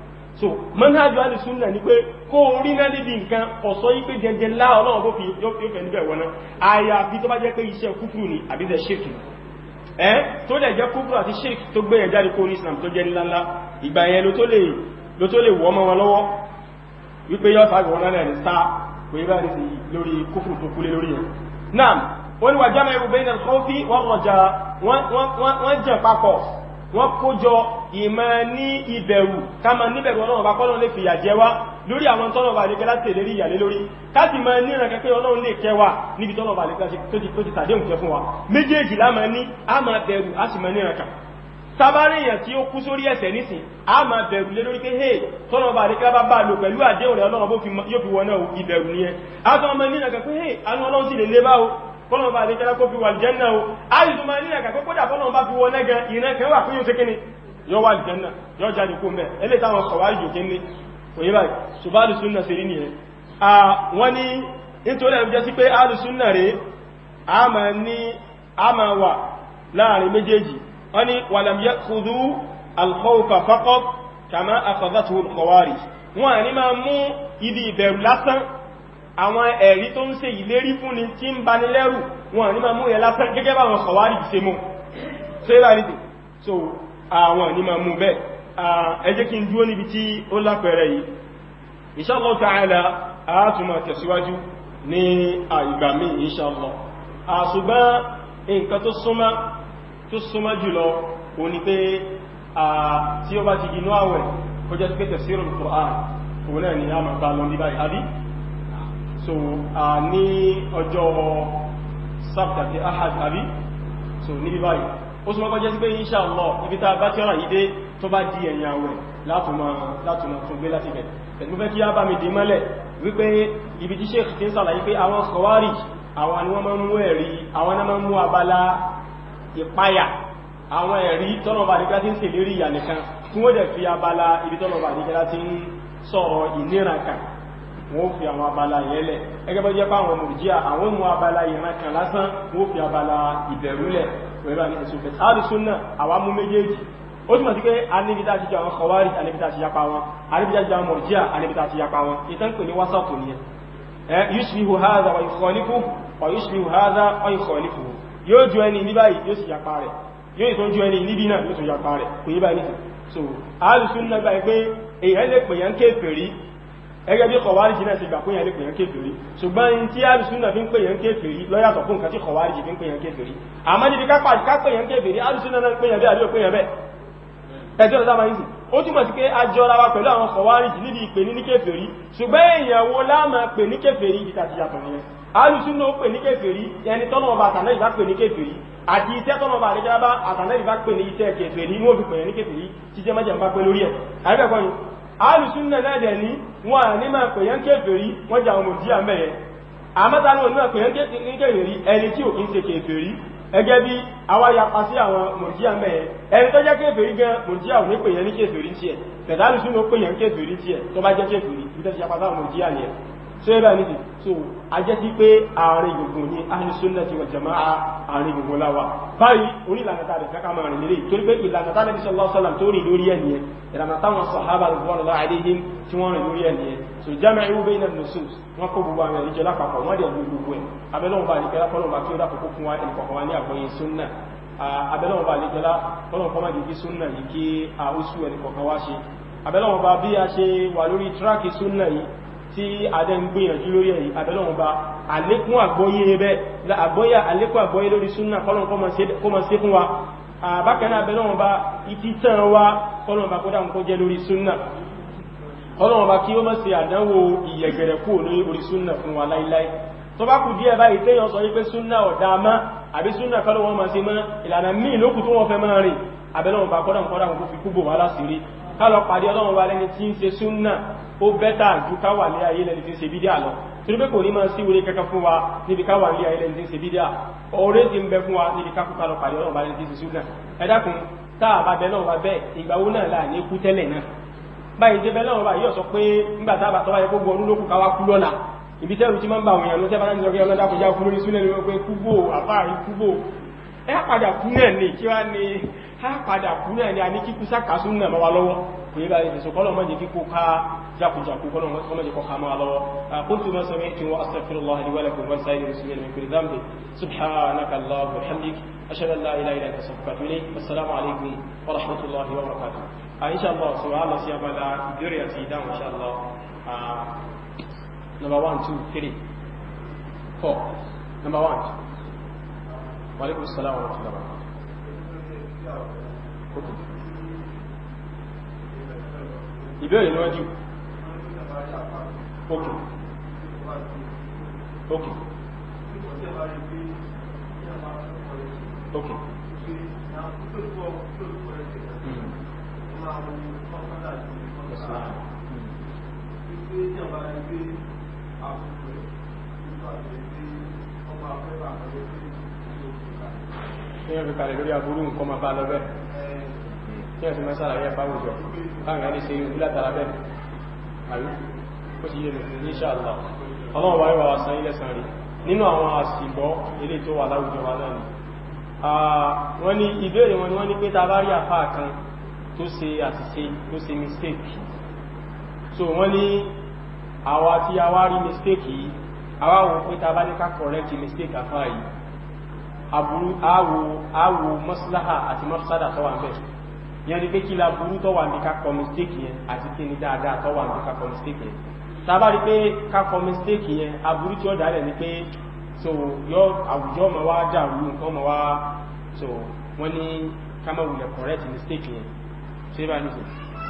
so manhaj wa sunna ni pé kó rí náà níbi nǹkan ọ̀sọ́ yí pé jẹjẹ lá ọlọ́run tó fi yóò fẹ́ níbẹ̀ wọ́n náà àyàfi tó bá jẹ́ pé iṣẹ́ kúfùrù ni àbí tẹ̀ ṣèkì ẹ́ tó lẹ̀ jẹ́ kúfùrù àti ṣèkì tó gbé ẹ̀jáde kó ní islam tó jẹ́ ńláńlá ìgbà yẹn ló tó lè wọ́ mọ́ wọn lọ́wọ́ wípé yọ́ sàgbọ̀n náà lẹ́ni sá kò yí bá ní sí lórí kúfùrù tó kúlé lórí yẹn náà wọ́n ni wà jámẹ́ ìrùbẹ́ ìdàkọ́fí wọ́n rọ̀jà wọ́n jẹ́ papọ̀ wọ́n kójọ ìmọ̀ ní ìbẹ̀rù káma níbẹ̀rù ọlọ́run bá kọ́lọ́run lè fìyà jẹ wá lórí àwọn tọ́nà bá lẹ́kẹ́ láti tẹ̀lé rí ìyàlé lórí káti ma ní ìrànkẹ́ pé ọlọ́run lè kẹwà níbi tọ́nà bá lẹ́kẹ́ tó ti tàdéhùn kẹ fún wa méjèèjì láma ní a ma bẹ̀rù a sì ma ní ìrànkà tabaríyàn tí ó kú sórí lè lé kọ́nà bá lè kẹ́lá kó fi wà jẹ́nà o àìsùn ma nílẹ̀ kàkó kódà kọ́nà bá fi wọ nẹ́gan ìran kan wà fún yóò tẹ́kíní yọ wà jẹ́nà yọ jáde kó mẹ́ ẹlẹ́ táwọn kọ̀wàá yóò kéne kò yí báyìí ṣùgbọ́n alùsùn náà ṣe rí nìyẹn wọ́n ní nítorí ẹ̀rù jẹ́ sí pé àwọn ẹ̀rí tó ń ṣe ìlérí fún ni tí ń bani lẹ́rù wọn ní máa mú yẹ lásán gẹ́gẹ́ bá wọn kọ̀wárí ṣe mú ṣe bá nìdí so àwọn ní máa mú bẹ́ẹ̀ ẹ kí n dúó níbi tí ó lápẹẹrẹ yìí insha Allah ta'ala a tún máa tẹ̀síwájú ní àìgbà míì insha Allah àṣùgbọ́n nǹkan tó súnmọ́ tó súnmọ́ jùlọ kò ní pé tí ó bá ti gínú àwẹ̀ kó so a ní ọjọ́ sábtàbí ahad àbí so ní báyìí ó súnmọ́ kọjẹ́ sí pé insha Allah ibi ta bá tíọ́rà yìí tó bá di ẹ̀yìn àwẹ̀ látùmọ̀ tún gbé láti bẹ̀ pẹ̀lú fẹ́ kí mi dì mọ́lẹ̀ ibi tí sheikh ti ń sàlàyé pé àwọn khawarij àwọn ni wọ́n máa mú ẹ̀rí àwọn náà máa mú abala ìpáyà àwọn ẹ̀rí tọ́lọ̀bà nígbà tí ń ṣèlérí ìyà nìkan tí wọ́n dẹ̀ fi abala ibi tọ́lọ̀bà nígbà tí ń sọ̀rọ̀ ìnira kan wọ́n fi àwọn abala yẹn lẹ̀ ẹgbẹ́ bọ́jẹ́ pa àwọn mùjíà àwọn mú abala yẹn máa kàn lásán wọ́n fi abala ìbẹ̀rù lẹ̀ wẹ́rẹ́ ní ẹ̀sùn fẹ̀sẹ̀ àdùsùn náà àwa mú méjèèjì ó túnmọ̀ sí pé anibita ti jọ àwọn kọwárì anibita ti yapa wọn ti jọ àwọn wọn ìtàn pè ní wásàpù nìyẹn ẹ yusufu haza wa yukhalifu wa yusufu haza wa yukhalifu yóò ju ẹni ní báyìí yóò sì yapa rẹ̀ yóò ìtọ́jú ẹni níbi náà yóò tó yapa rẹ̀ kò yí báyìí so àdùsùn náà gbà pé èèyàn ẹgẹ́ bí kọ̀wárìjì náà ti gbà pé yẹn lè pèyàn kéfèrí ṣùgbọ́n in tí alùsùnà fi ń pèyàn kéfèrí lọ́yàtọ̀ fún nǹkan tí kọ̀wárìjì fi ń pèyàn kéfèrí àmọ́ níbi ká pèyàn kéfèrí alùsùnà náà pèyàn bí àdúgbò pèyàn bẹ́ẹ̀ ẹjọ́ ọ̀dá máa ń sì ó túnmọ̀ sí pé a jọra wa pẹ̀lú àwọn kọ̀wárìjì níbi ìpè ní kéfèrí ṣùgbọ́n èèyàn wo láàmà pè ní kéfèrí ìdíta ti yàtọ̀ nìyẹn alùsùnà ó pè ní kéfèrí ẹni tọ́nà ọba àtàlẹ́ ìbá pè ní kéfèrí àti iṣẹ́ tọ́nà ọba àrẹ́jábá àtàlẹ́ ìbá pè ní iṣẹ́ kéfèrí wọ́n fi pè ní kéfèrí tí jẹ́ mẹ́jẹ̀ ń bá pẹ́ lórí ẹ̀ àríbẹ̀kọ́ ni alùsúnnà náà dẹ̀ ní wọn à ní máa pèyàn kèfèrí wọ́n jà ọmọ díà mẹ́yẹ àmọ́ta náà ní máa pèyàn kèfèrí ẹni tí ò kí ń ṣe kèfèrí ẹgẹ́ bí awáyapa sí àwọn mọ̀jíà mẹ́yẹ ẹni tó jẹ́ kèfèrí gan mọ̀jíà ò ní pèyàn ní kèfèrí tiẹ̀ tẹ̀dálùsúnnà ó pèyàn kèfèrí tiẹ̀ tó bá jẹ́ kèfèrí so ebe ni so a jẹ́ sí pé ààrin gbogbo ní ahìsúnnà ti wà jama'a ààrin gbogbo láwà báyìí onílànà tàbí kaka máa rìn lè torí pé ìlànà tàbí sallallahu sallam tó rìn lórí ẹni ẹ ìlànà táwọn sahaba rọ̀lọ́ àdéhìn tí wọ́n rìn lórí ẹni ẹ so jama'u bayna nusus wọ́n kó gbogbo àwọn ìjọ lápapọ̀ wọ́n dẹ̀ gbogbo ẹ̀ abẹ́lọ́wọ́n bá nìkẹ́lá kọ́lọ́wọ́n bá kí ó dákòókò fún wa ẹnì kọ̀ọ̀kan wa tí adẹ́ ń gbìyànjú lórí ẹ̀yí àbẹ́lọ́wọ́n bá àlékún àgbọ́yé bẹ́ àgbọ́yà àlékún àgbọ́yé lórí súnà kọ́lọ̀n kó ma ṣe fún wa àbákaná àbẹ́lọ́wọ́n bá ikí tán wá kọ́lọ̀n bá kódà ń kó jẹ́ lórí súnà kọ́lọ̀n bá kí ó má ṣe àdánwò ìyẹ̀gẹ̀rẹ̀ kú ní orí súnà fún wa láíláí tó bá kù díẹ̀ báyìí téèyàn sọ wípé súnà ọ̀dá má àbí súnà kọ́lọ̀ wọn ma ṣe mọ́ ìlànà míì lókù tó wọ́n fẹ́ máa rìn àbẹ́lọ́wọ́n bá kọ́dà ń kọ́dà ń kó fi kúbò wá láṣìírí kálọ pàdé ọlọ́run wa lẹ́ni tí ń ṣe súnnà ó bẹ́tà ju káwà lé ayé lẹ́ni tí ń ṣe bídíà lọ torí pé kò ní máa sí orí kankan fún wa níbi káwà lé ayé lẹ́ni tí ń ṣe bídíà ọ̀rẹ́ ti ń bẹ fún wa níbi kákú kálọ pàdé ọlọ́run wa lẹ́ni tí ń ṣe súnnà ẹ dákun tá a bá bẹ náà wa bẹ ìgbà wo náà láà ní kú tẹ́lẹ̀ náà báyìí dé bẹ náà wa yóò káàpadà kú náà ni a ní kíkú sákàásù náà mọ́wà lọ́wọ́ kò yí báyìí ìsọ kọ́lọ̀ mọ́jẹ kíkú ká jákùjákù kọ́lọ̀ mọ́jẹ kọ́ kàmọ́ lọ́wọ́ qultu ma sami'tu wa astaghfirullah li wa lakum wa sa'iril muslimin min kulli dhanbi subhanaka allahumma wa bihamdik ashhadu number 1 2 3 4 number 1 wa alaykum wa rahmatullahi wa barakatuh ìbéèrè níwájú ok ok ok Thank hmm. you tí wọ́n fi kalẹ̀ lórí aburú nǹkan máa bá lọ bẹ́ẹ̀ tí wọ́n fi máa sàlàyé fáwùjọ báwọn ẹni ṣe irú látara bẹ́ẹ̀ àrí ó sì yé mi ní ṣàlá ọlọ́run wáyé wà sàn ilẹ̀ sàn rí nínú àwọn àsìbọ́ ilé tó wà láwùjọ wa náà ni wọ́n ní ìbéèrè wọn ni wọ́n ní pé ta bá rí àfá kan tó tí a wá rí mistake yìí àwa wò pé bá ní ká correct mistake àfá yìí Aburu àwò àwò maslaha ati mọ́síládà tó wà ń bẹ̀ yẹn ni pé kí la burú tó wà ń bí ká kọ mistake yẹn àti kí ni dáadáa tó wà ń bí ká mistake yẹn tábà pé ká kọ mistake yẹn aburú tí ó dálẹ̀ ni pé so yọ àwùjọ ma wá dàrú nǹkan ma wá so wọ́n ní ká má correct mistake yẹn ṣé bá nìyẹn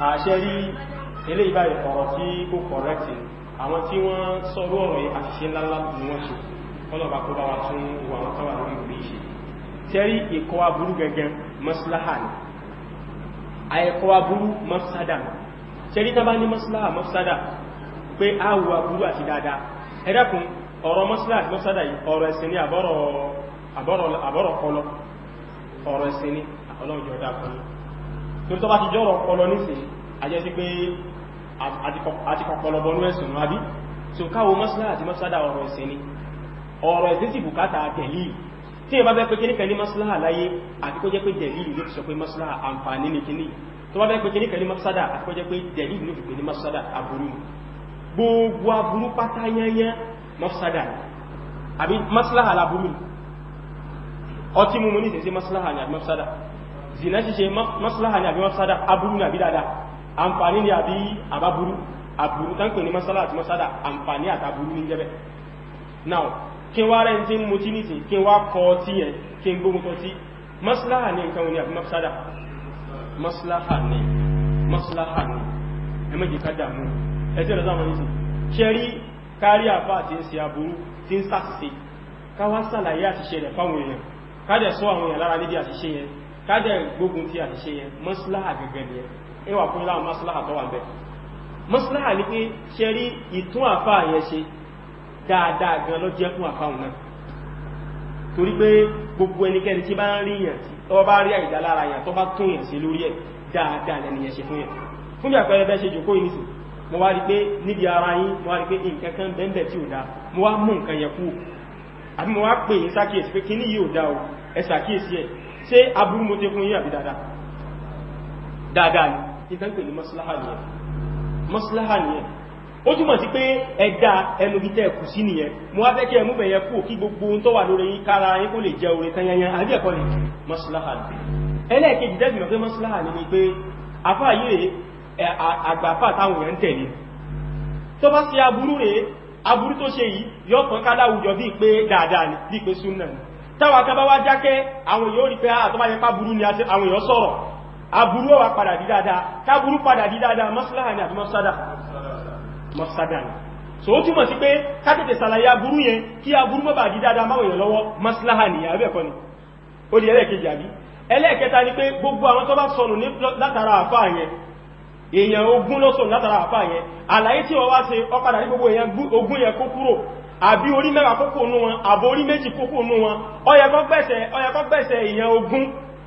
àṣẹ rí eléyìí báyìí ọ̀rọ̀ tí kò correct àwọn tí wọ́n sọ̀rọ̀ ọ̀rọ̀ yẹn àṣìṣe ńláńlá ni wọ́n ṣe kọlọ̀bá kó bá wa tún ìwà wọn tọ́wà lórí ìwé ìṣe tẹ́rí ìkọ́ aburú gẹ́gẹ́ maslaha ni àìkọ́ aburú mafsada tẹ́rí tàbá ní maslaha mafsada pé áwù aburú àti dáadáa ẹ̀dàkùn ọ̀rọ̀ maslaha àti mafsada yìí ọ̀rọ̀ ẹ̀sìn ní àbọ̀rọ̀ kọlọ ọ̀rọ̀ ẹ̀sìn ní ọlọ́jọ́ dáa kọlọ torí tọ́bá ti jọ́rọ̀ kọlọ nísìnyí àjẹ́sí pé ní ọ̀rọ̀ ẹ̀sìn sì bùkátà tẹ̀lé tí ẹ bá bẹ́ pé kí ní kẹ́lí maslaha láyé àti kó jẹ́ pé dẹ̀lílù ló fi sọ pé maslaha àǹfààní ni kí ní tó bá bẹ́ pé kí ní kẹ́lí mafsada àti kó jẹ́ pé dẹ̀lílù ló fi pè ní mafsada aburú gbogbo aburú pátá yányá mafsada maslaha laburú ọtí mímu ní ni àbí mafsada zina ṣíṣe maslaha ni àbí mafsada aburú ni àbí dáadáa àǹfààní ni àbí àbáburú aburú tán pè maslaha àti mafsada àǹfààní àtàburú ní jẹ́bẹ̀ now kí wá rẹ̀ tí ń mú tí ní sí kí wá kọ tí yẹn kí ń gbógun tó tí maslaha ní nǹkan wọn ni àbí mafsada maslaha ní maslaha ní ẹmẹ́jì ká dàmú ẹ̀tí ọ̀dọ̀ sáwọn nìsí ṣe kárí àbá tí ń ṣe aburú tí ń sàṣìṣe káwá sàlàyé àṣìṣe ni ẹ wà fún láwọn maslaha tó wà bẹ́ẹ̀ maslaha ni pé ṣe rí ìtún àfáà yẹn dáadáa gan ló jẹ́ fún àfáhùn náà torí pé gbogbo ẹnikẹ́ni tí bá ń rí yàn tó bá rí àìdá lára yàn tó bá tún yàn sí lórí ẹ̀ dáadáa lẹ́ni yẹn ṣe fún yàn fún bí àpẹẹrẹ bẹ́ ṣe jòkó yìí nìsín mo wá rí pé níbi ara yín mo wá rí pé nǹkan kan bẹ́ẹ̀ tí ò dáa mo wá mú nǹkan yẹn kú àbí mo wá pè yín sákìyèsí pé kíní yìí ò dáa o ẹ sàkíyèsí ẹ ṣé aburú mo ti fún yín àbí dáadáa dáadáa ni nǹkan pè ní mọ́síláhà nìyẹn mọ́síláhà nìyẹn ó túmọ̀ sí pé ẹ̀dá ẹnu bí tẹ́ kù sí nìyẹn mo wá fẹ́ kí ẹmú bẹ̀yẹ kú kí gbogbo tó wà lórí kára yín kó lè jẹ orin tanyanyan àbí ẹ̀kọ́ ni maslaha ni ẹlẹ́ẹ̀kejì dẹ́bì mọ̀ pé maslaha ni ni pé afá yìí rè àgbàfà táwọn èèyàn ń tẹ̀lé tó bá ṣe aburú rè aburú tó ṣe yìí yóò tán ká láwùjọ bíi pé dáadáa ni bíi ni táwọn akábá wá jákẹ́ àwọn èèyàn ò rí pé àtọ́bá ah, yẹn pá burú ni padà di dáadáa ni àti maslaha mọ́sádà ni so ó túmọ̀ sí pé kátètè sàlàyé aburú yẹn kí aburú mọ́bà di dáadáa máwọn èèyàn lọ́wọ́ maslaha ni àbẹ́ ẹ̀kọ́ ni ó di ẹlẹ́ẹ̀kejì àbí ẹlẹ́ẹ̀kẹta ni pé gbogbo àwọn tó bá sọnù látara àfáà yẹn èèyàn ogún ló sọnù látara àfáà yẹn àlàyé tí wọ́n wá ṣe ọ̀padà ní gbogbo èèyàn ogún yẹn kó kúrò àbí orí mẹ́wàá kókò nú wọn àbò èèyàn ogún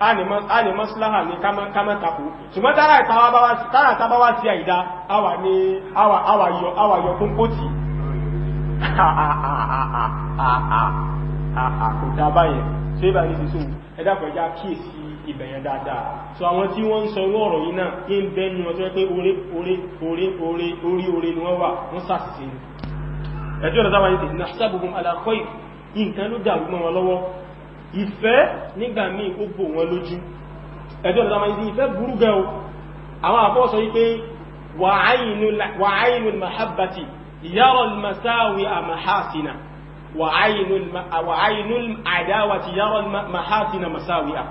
a ní mọ́síláhà ní kámẹ́tàkù ṣùgbọ́n tára ìtàbáwá sí àìdá àwà yọ kúnkótì kò dábá yẹn tí ó bá ní sísò ẹ̀dàpọ̀ ẹjá kíèsí ìbẹ̀yẹn dáadáa so àwọn tí wọ́n ń sọ irú ọ̀rọ̀ yìí náà ń bẹ́nu ọjọ́ pé orí orí ni wọ́n wà wọ́n sàṣìṣe ẹjọ́ ìrọ̀dáwà yìí tẹ̀sí náà sábùgbùn alákọ́ nǹkan ló dàrú mọ́ wọn lọ́wọ́ ìfẹ́ nígbà míì ó bò wọn lójú ẹjọ́ ìdámá ìdí ìfẹ́ burú gan o àwọn àpọ́ sọ wípé wa aynul mahabbati yara al-masawi mahasina wa aynul adawati yara al-mahasina masawi'a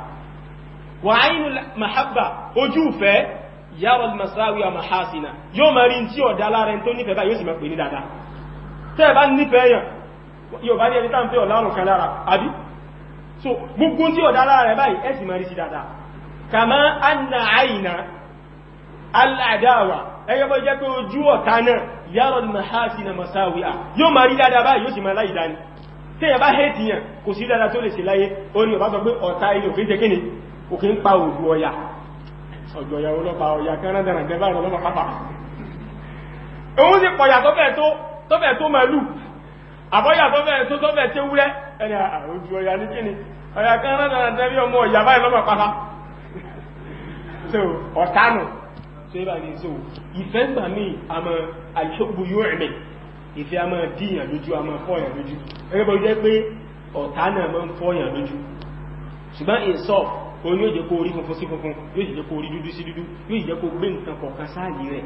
wa aynul mahabba ojú ìfẹ́ yara al-masawi mahasina yóò máa rí tí ọ̀dá lára ẹni tó nífẹ̀ẹ́ báyìí yóò sì máa pè ní dáadáa tẹ́ẹ̀ bá nífẹ̀ẹ́ yàn yóò bá ní ẹni tá fẹ́ ọ̀lárùn kan lára àbí so gbogbo tí ọ̀dá lára rẹ̀ báyìí ẹ̀sì máa rí sí dáadáa kàmá anna àìna aláàdáwà ẹgbẹ́ jẹ́ pé ojú ọ̀tá náà yàrọ̀ mahasi na masáwíà yóò máa rí dáadáa báyìí yóò sì máa láì dání tí ẹ bá hẹ́ẹ̀tì yàn kò sí dáadáa tó lè ṣe láyé ó ní ọba sọ pé ọ̀tá ilé òfin jẹ́ kíni òfin pa ògùn ọya ọ̀gbọ̀ya ọlọ́pàá ọya kánrán dára gẹ́bá ìrọ̀lọ́pàá pápá òun sì pọ̀yà tó fẹ́ tó mẹ́lú àbọ́yà tó fẹ́ tó tó fẹ́ tí ó wúrẹ́ ẹni àrùjú ah, ah, ọ̀yà ní kíni ọ̀yà kan rán dára tẹ́ bí ọmọ ìyàbá ìlọ́mọ̀ pátá so ọ̀tánù so ibà ní so ìfẹ́ gbà mí àmọ́ àìṣògbò yóò rìn ìfẹ́ a máa díyàn lójú a máa fọ́yàn lójú ẹgbẹ́ bó jẹ́ pé ọ̀tá náà máa ń fọ́yàn lójú ṣùgbọ́n ìsọ̀ òun yóò jẹ́ kó orí funfun sí funfun yóò jẹ́ kó orí dúdú sí dúdú yóò jẹ́ kó gbé nǹkan kọ̀ọ̀kan sáàyè rẹ̀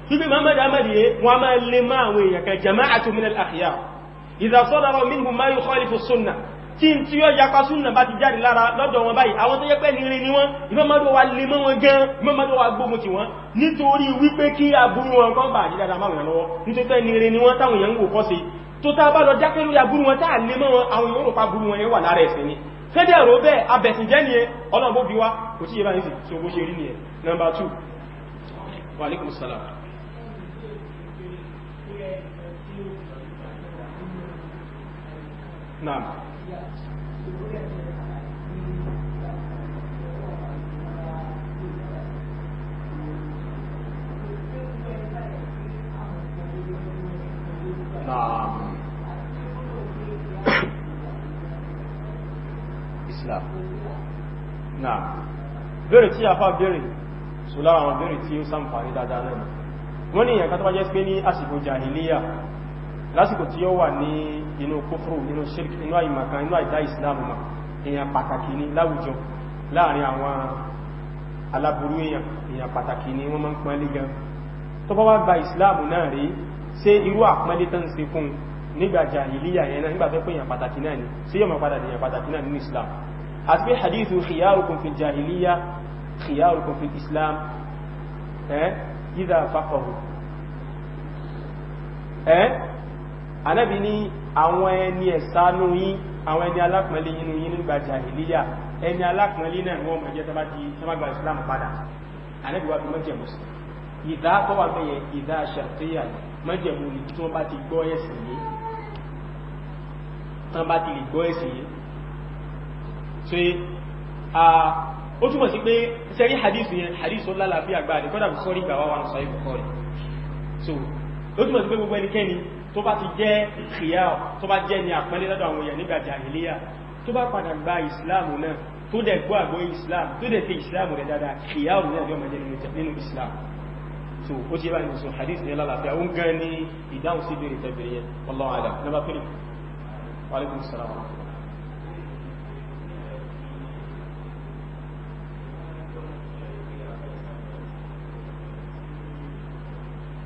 pípé Muhammad Ahmad yé wọ́n máa lè máa àwọn èèyàn kan jama'atu minal akhyar idha sadara minhum ma yukhalifu sunnah tí n tí ó yapa súnà bá ti jáde lára lọ́dọ̀ wọn báyìí àwọn tó yẹ pẹ́ ní ni wọ́n ìmọ́mọ́dé wa lè mọ́ wọn gan ìmọ́mọ́dé wa gbógun ti wọ́n nítorí wípé kí aburú wọn kan bá àjídára máa ràn lọ́wọ́ nítorí pẹ́ ní ni wọ́n táwọn èèyàn ń wò kọ́ sí tó tá lọ jápẹ́ lórí aburú wọn táà lè mọ́ wọn àwọn èèyàn pa burú wọn yẹn wà lára ẹ̀sìn ni fẹ́dẹ̀ rò bẹ́ẹ̀ abẹ̀sìnjẹ́ ni ọlọ́run bó bí kò tí yẹ bá sí so ṣe rí ni ẹ̀ number two wa alaikum salam Naam. Naam. Islam. Naam. Bẹ̀rẹ̀ tí a fà bẹ̀rẹ̀, so lára àwọn bẹ̀rẹ̀ tí ó sàǹfàní dáadáa wọ́n ní ìyànká tó bá jẹ́ pé ní àsìkò jahiliya lásìkò tí ó wà ní inú kúfrù inú shirk inú àìmàkan inú àìdá ìsìláàmù ma èyàn pàtàkì ní láwùjọ láàrin àwọn aláburú èyàn èyàn pàtàkì ní wọ́n máa ń pọ́nlé gan tó bá wá gba ìsìláàmù náà rí ṣé irú àpọ́nlé tán ṣe fún nígbà jahiliya ni islam àti hadithu khiyarukum fi jahiliya islam eh idha faqahu ẹ́ anábi ní àwọn ẹni ẹ̀sánú yín àwọn ẹni alápẹ̀lẹ̀ yínú yín nígbà jahiliya ẹni alápẹ̀lẹ̀ náà wọ́n mẹ́jẹ́ tẹ́bàgbà islam padà anábi wà bí mẹ́jẹ̀mú sí ìdá tọ́wà bẹ́yẹ ìdá ṣàtíyà mẹ́jẹ̀mú ní tí wọ́n bá ti gbọ́ ẹ̀sìn yìí tán bá ti lè gbọ́ ẹ̀sìn a ó túnmọ̀ sí pé sẹ́rí hadith yẹn hadith ó lálàáfíà gbà ní kọ́dà Bukhari gbà wá wà sọ Bukhari so ó túnmọ̀ sí pé gbogbo ẹnikẹ́ni tó bá ti jẹ́ kìíyà tó bá jẹ́ ní àpẹẹlẹ́ lọ́dọ̀ àwọn èèyàn nígbà jàhìlíyà tó bá padà gba ìsìláàmù náà tó dẹ̀ gbọ́ àgbọ́ ìsìláàmù tó dẹ̀ fi ìsìláàmù rẹ̀ dáadáa kìíyà òun náà yọmọ jẹ́ nínú ìsìláàmù so ó ti yẹ báyìí sọ hadith ní lálàáfíà ó ń gan ní ìdáhùn sí ìbéèrè tẹ́bẹ̀rẹ̀ yẹn wallahu a'lam number three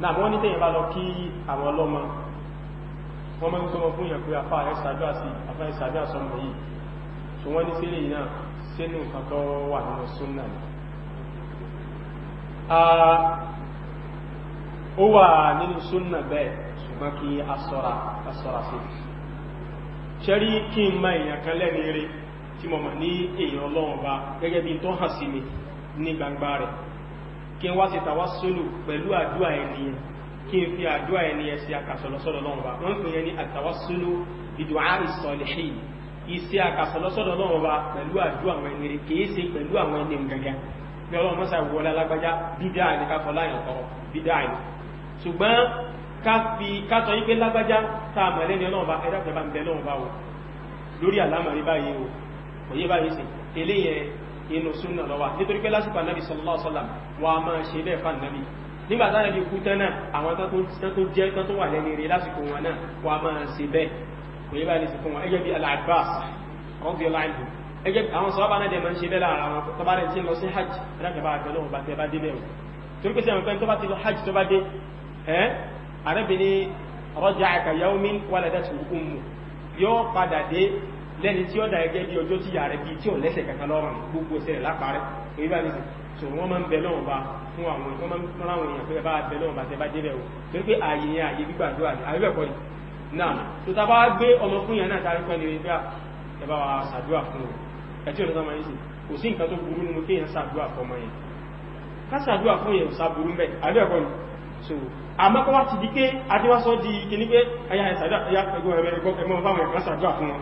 náà wọ́n ní tẹ́yìn bá lọ kí àwọn ọlọ́mọ wọ́n mọ́ tó mọ́ fún ìyàn pé afá ẹ̀sàdúrà sí afá ẹ̀sàdúrà sọmọ yìí tó wọ́n ní sílé yìí náà sínú nǹkan wà nínú súnnà ni ó wà nínú súnnà bẹ́ẹ̀ ṣùgbọ́n kí asọ́ra asọ́ra sí ṣẹ́rí kí n ma èèyàn kan lẹ́ni rí tí mo ní èèyàn ọlọ́run bá gẹ́gẹ́ bí tó hàn sí ní gbangba rẹ̀ kí wá sí tàwásólù pẹ̀lú àdúà ẹni kí n fi àdúà ẹni ẹsẹ àkàsọ̀lọ́sọ́dọ̀ lọ́wọ́ba wọ́n ń pè yẹn ní àtàwásólù ìdùá ìsọ̀lẹ̀ṣì iṣẹ́ àkàsọ̀lọ́sọ́dọ̀ lọ́wọ́ba pẹ̀lú àdúà àwọn ẹni rẹ̀ kìí ṣe pẹ̀lú àwọn ẹni gangan bí ọlọ́run mọ́sá wọlé alágbájá bídá àní ká fọlá yàn tọrọ bídá àní ṣùgbọ́n ká fi ká sọ yípe lágbájá tá a mọ̀lẹ́ ni ọlọ́run bá ẹ̀dá pẹ̀lú àmì bẹ́ẹ̀ lọ́wọ́ bá wò lórí àlámọ̀rí báyìí o òye báyìí sì eléyẹn inú súnà lọ́wà nítorí pé lásìkò ànábì sallallahu alaihi wasallam wà máa ṣe bẹ́ẹ̀ fà ànábì nígbà táwọn ẹbí kú tán náà àwọn tán tó jẹ́ tán tó wà lẹ́ni rí lásìkò wọn náà wà máa ṣe bẹ́ẹ̀ kò yí báyìí sí fún wọn ẹgẹ́ bí al-Abbas radiyallahu anhu ẹgẹ́ àwọn sọ́ọ́bà náà dẹ̀ máa ń ṣe bẹ́ẹ̀ rẹ̀ yóò padà dé lẹ́ni tí ó dà gẹ́gẹ́ bí ọjọ́ tí yà rẹ̀ bí tí ò lẹ́sẹ̀ kankan lọ́rùn gbogbo ìṣẹ̀lẹ̀ lápárẹ́ èyí bá nìsí so wọ́n máa ń bẹ lọ́wọ́ bá fún àwọn ìwọ́n máa ń ráwọn èèyàn pé bá bẹ lọ́wọ́ bá tẹ bá débẹ̀ o torí pé ààyè yẹn ààyè gbígbàdúrà ní àríwẹ̀ kọ́ yìí náà tó ta bá gbé ọmọ fún yẹn náà tàbí pẹ́ ní ẹgbẹ́ ẹ bá wa ṣàdúrà fún o ẹtí ọ̀nà sáwọn yìí sì kò sí nǹkan tó burú nínú kéèyàn ṣàdúrà fún ọmọ yẹn ká ṣàdúrà fún yẹn ṣà burú mbẹ àríwẹ̀ kọ́ ni so àmọ́ kọ́ wá ti di pé adéwásọ́ di kíní pé ẹ̀yà ẹ̀ṣàdúrà ẹ̀yà ṣàdúrà fún wọn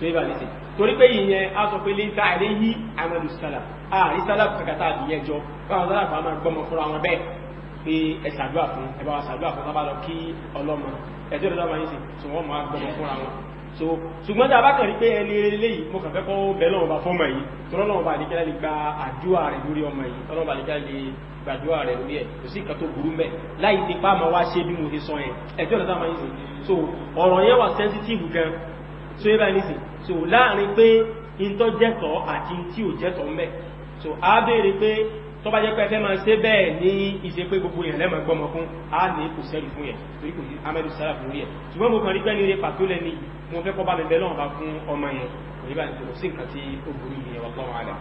fẹ́bà ní sí torí pé ìyẹn a sọ pé lẹ́ta àríhí àmàlù sálà àrí sálà kàkàtà àbíyẹjọ báwọn sálà bá máa gbọmọ fúnra wọn bẹ́ẹ̀ pé ẹ ṣàdúrà fún ẹ bá wa ṣàdúrà fún tábà lọ kí ọlọ́mọ ẹjọ́ ìrọ̀lọ́ máa ń sìn tí wọ́n máa gbọmọ fúnra wọn so ṣùgbọ́n tí a bá kàn rí pé ẹni eléyìí mo kàn fẹ́ kọ́ bẹ́ẹ̀ lọ́wọ́ bá fọ́mọ yìí tọ́lọ́ bá àdékẹ́lá lè gba àdúrà rẹ̀ lórí ọmọ yìí tọ́lọ́ bá àdékẹ́lá lè gbàdúrà rẹ̀ lórí ẹ̀ kò sí ìkan tó burú mẹ́ láì nípa máa wá ṣe bí mo ti sọ yẹn ẹjọ́ ìrọ̀lọ́ máa ń sìn so ọ̀rọ̀ yẹn wà sensitive gan so yíba nísì so láàrin pé ìntọ́ jẹ́tọ̀ àti tí ò jẹ́tọ̀ mẹ́ so a béèrè pé tọ́ba jẹ́ pé ẹ fẹ́ máa ṣe bẹ́ẹ̀ ní ìṣe pé gbogbo yẹn lẹ́mọ̀ gbọ́mọ fún a ní kò sẹ́rì fún yẹn torí kò sí amẹ́lú sára fún yẹn ṣùgbọ́n mo kàn rí pẹ́ ní eré pàtó lẹ́ni mo fẹ́ kọ́ bá mi bẹ́ẹ̀ lọ́wọ́ fún ọmọ yẹn kò yíba ní kò sí nǹkan tí ó burú yẹn wà lọ́wọ́ àlẹ́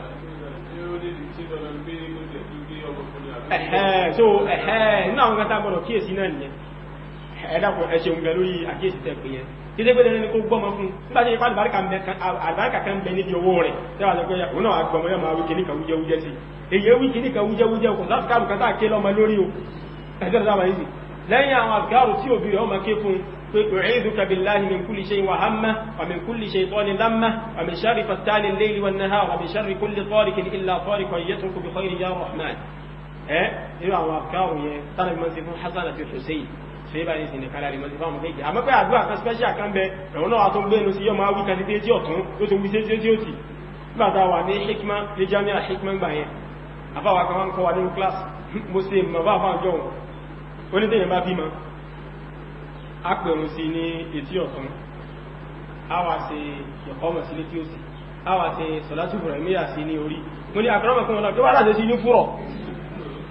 so nínú àwọn kẹta gbọdọ̀ kíyèsí náà nìyẹn ẹ̀dàpọ̀ ẹ̀ṣẹ̀ òǹgẹ̀ lórí àkíyèsí tẹ̀ ìdẹ́gbẹ̀rẹ̀ ẹni kó gbọ́mọ fún nígbàtí ipá àlùbáríkà kan bẹ níbi owó rẹ̀ tẹ́wà lọ pé òun náà gbọmọ yọ máa wí kìíní kan wújẹwújẹ sí èyí wí kìíní kan wújẹwújẹ okùn láti káàrù kátà ké lọ́mọ lórí o ẹjọ́ ìdáwà yìí lẹ́yìn àwọn àgbáàrù tí òbí rẹ̀ ọmọ ké fún pé u'idhuka billahi min kulli shay'in wa hamma wa min kulli shaytanin lamma wa min sharri fattanin layli wan nahar wa min sharri kulli tariqin illa tariqan yatruku bi khayrin ya rahman eh irú àwọn àgbáàrù yẹn tánàbí mọ́ sí fún hasan àti hussein ṣe bá yìí sí ní kálàrí mọ́ sí fáwọn méjì àmọ́ pé àdúrà kan special kan bẹ ẹ̀wọ̀n náà tó ń gbénu sí yọmọ awí kàtí tí ọ̀tún tó tó wí sí tí ó tì nígbàtà wà ní hikma ní jamia hikma gbà yẹn àbáwà kan wọ́n kọ́ wa nínú class mo ṣe mọ̀ bá fáwọn jọ onídẹ̀yìn bá bímọ a pè òun sí ní etí ọ̀tún a wà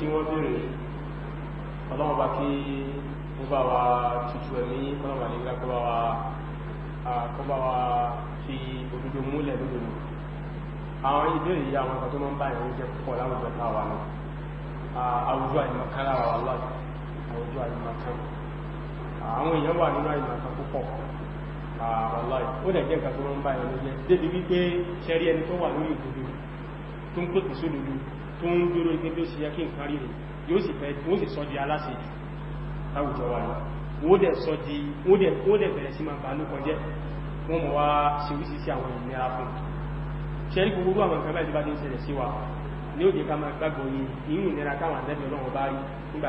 tí wọ́n bèèrè ọlọ́wọ́ bá kí ó bá wa tutù ẹ̀mí kọ́lọ̀wà ní ìgbà kọ́bá wa fi òdúdó múlẹ̀ lódòdó àwọn ìbéèrè yà wọn tó mọ́n báyìí ó jẹ́ pọ̀ láwùjọ táwà náà àwùjọ àìmọ̀kára wà láti tó ń dúró ipé bí ó sì yẹ kí n kárí rẹ̀ yóò sì fẹ́ wọ́n sì sọ di aláṣẹ láwùjọ wa wọ́n dẹ̀ sọ di wọ́n dẹ̀ bẹ̀rẹ̀ sí máa bá ló kọjẹ́ wọ́n mọ̀ wá sí wí sí àwọn ìnira fún ṣe gbogbo àwọn nǹkan báyìí bá ti sí wa ní òde ká máa gbàgbọ́ ní inú ìnira káwọn àdẹ́bẹ̀ ọlọ́run bá rí nígbà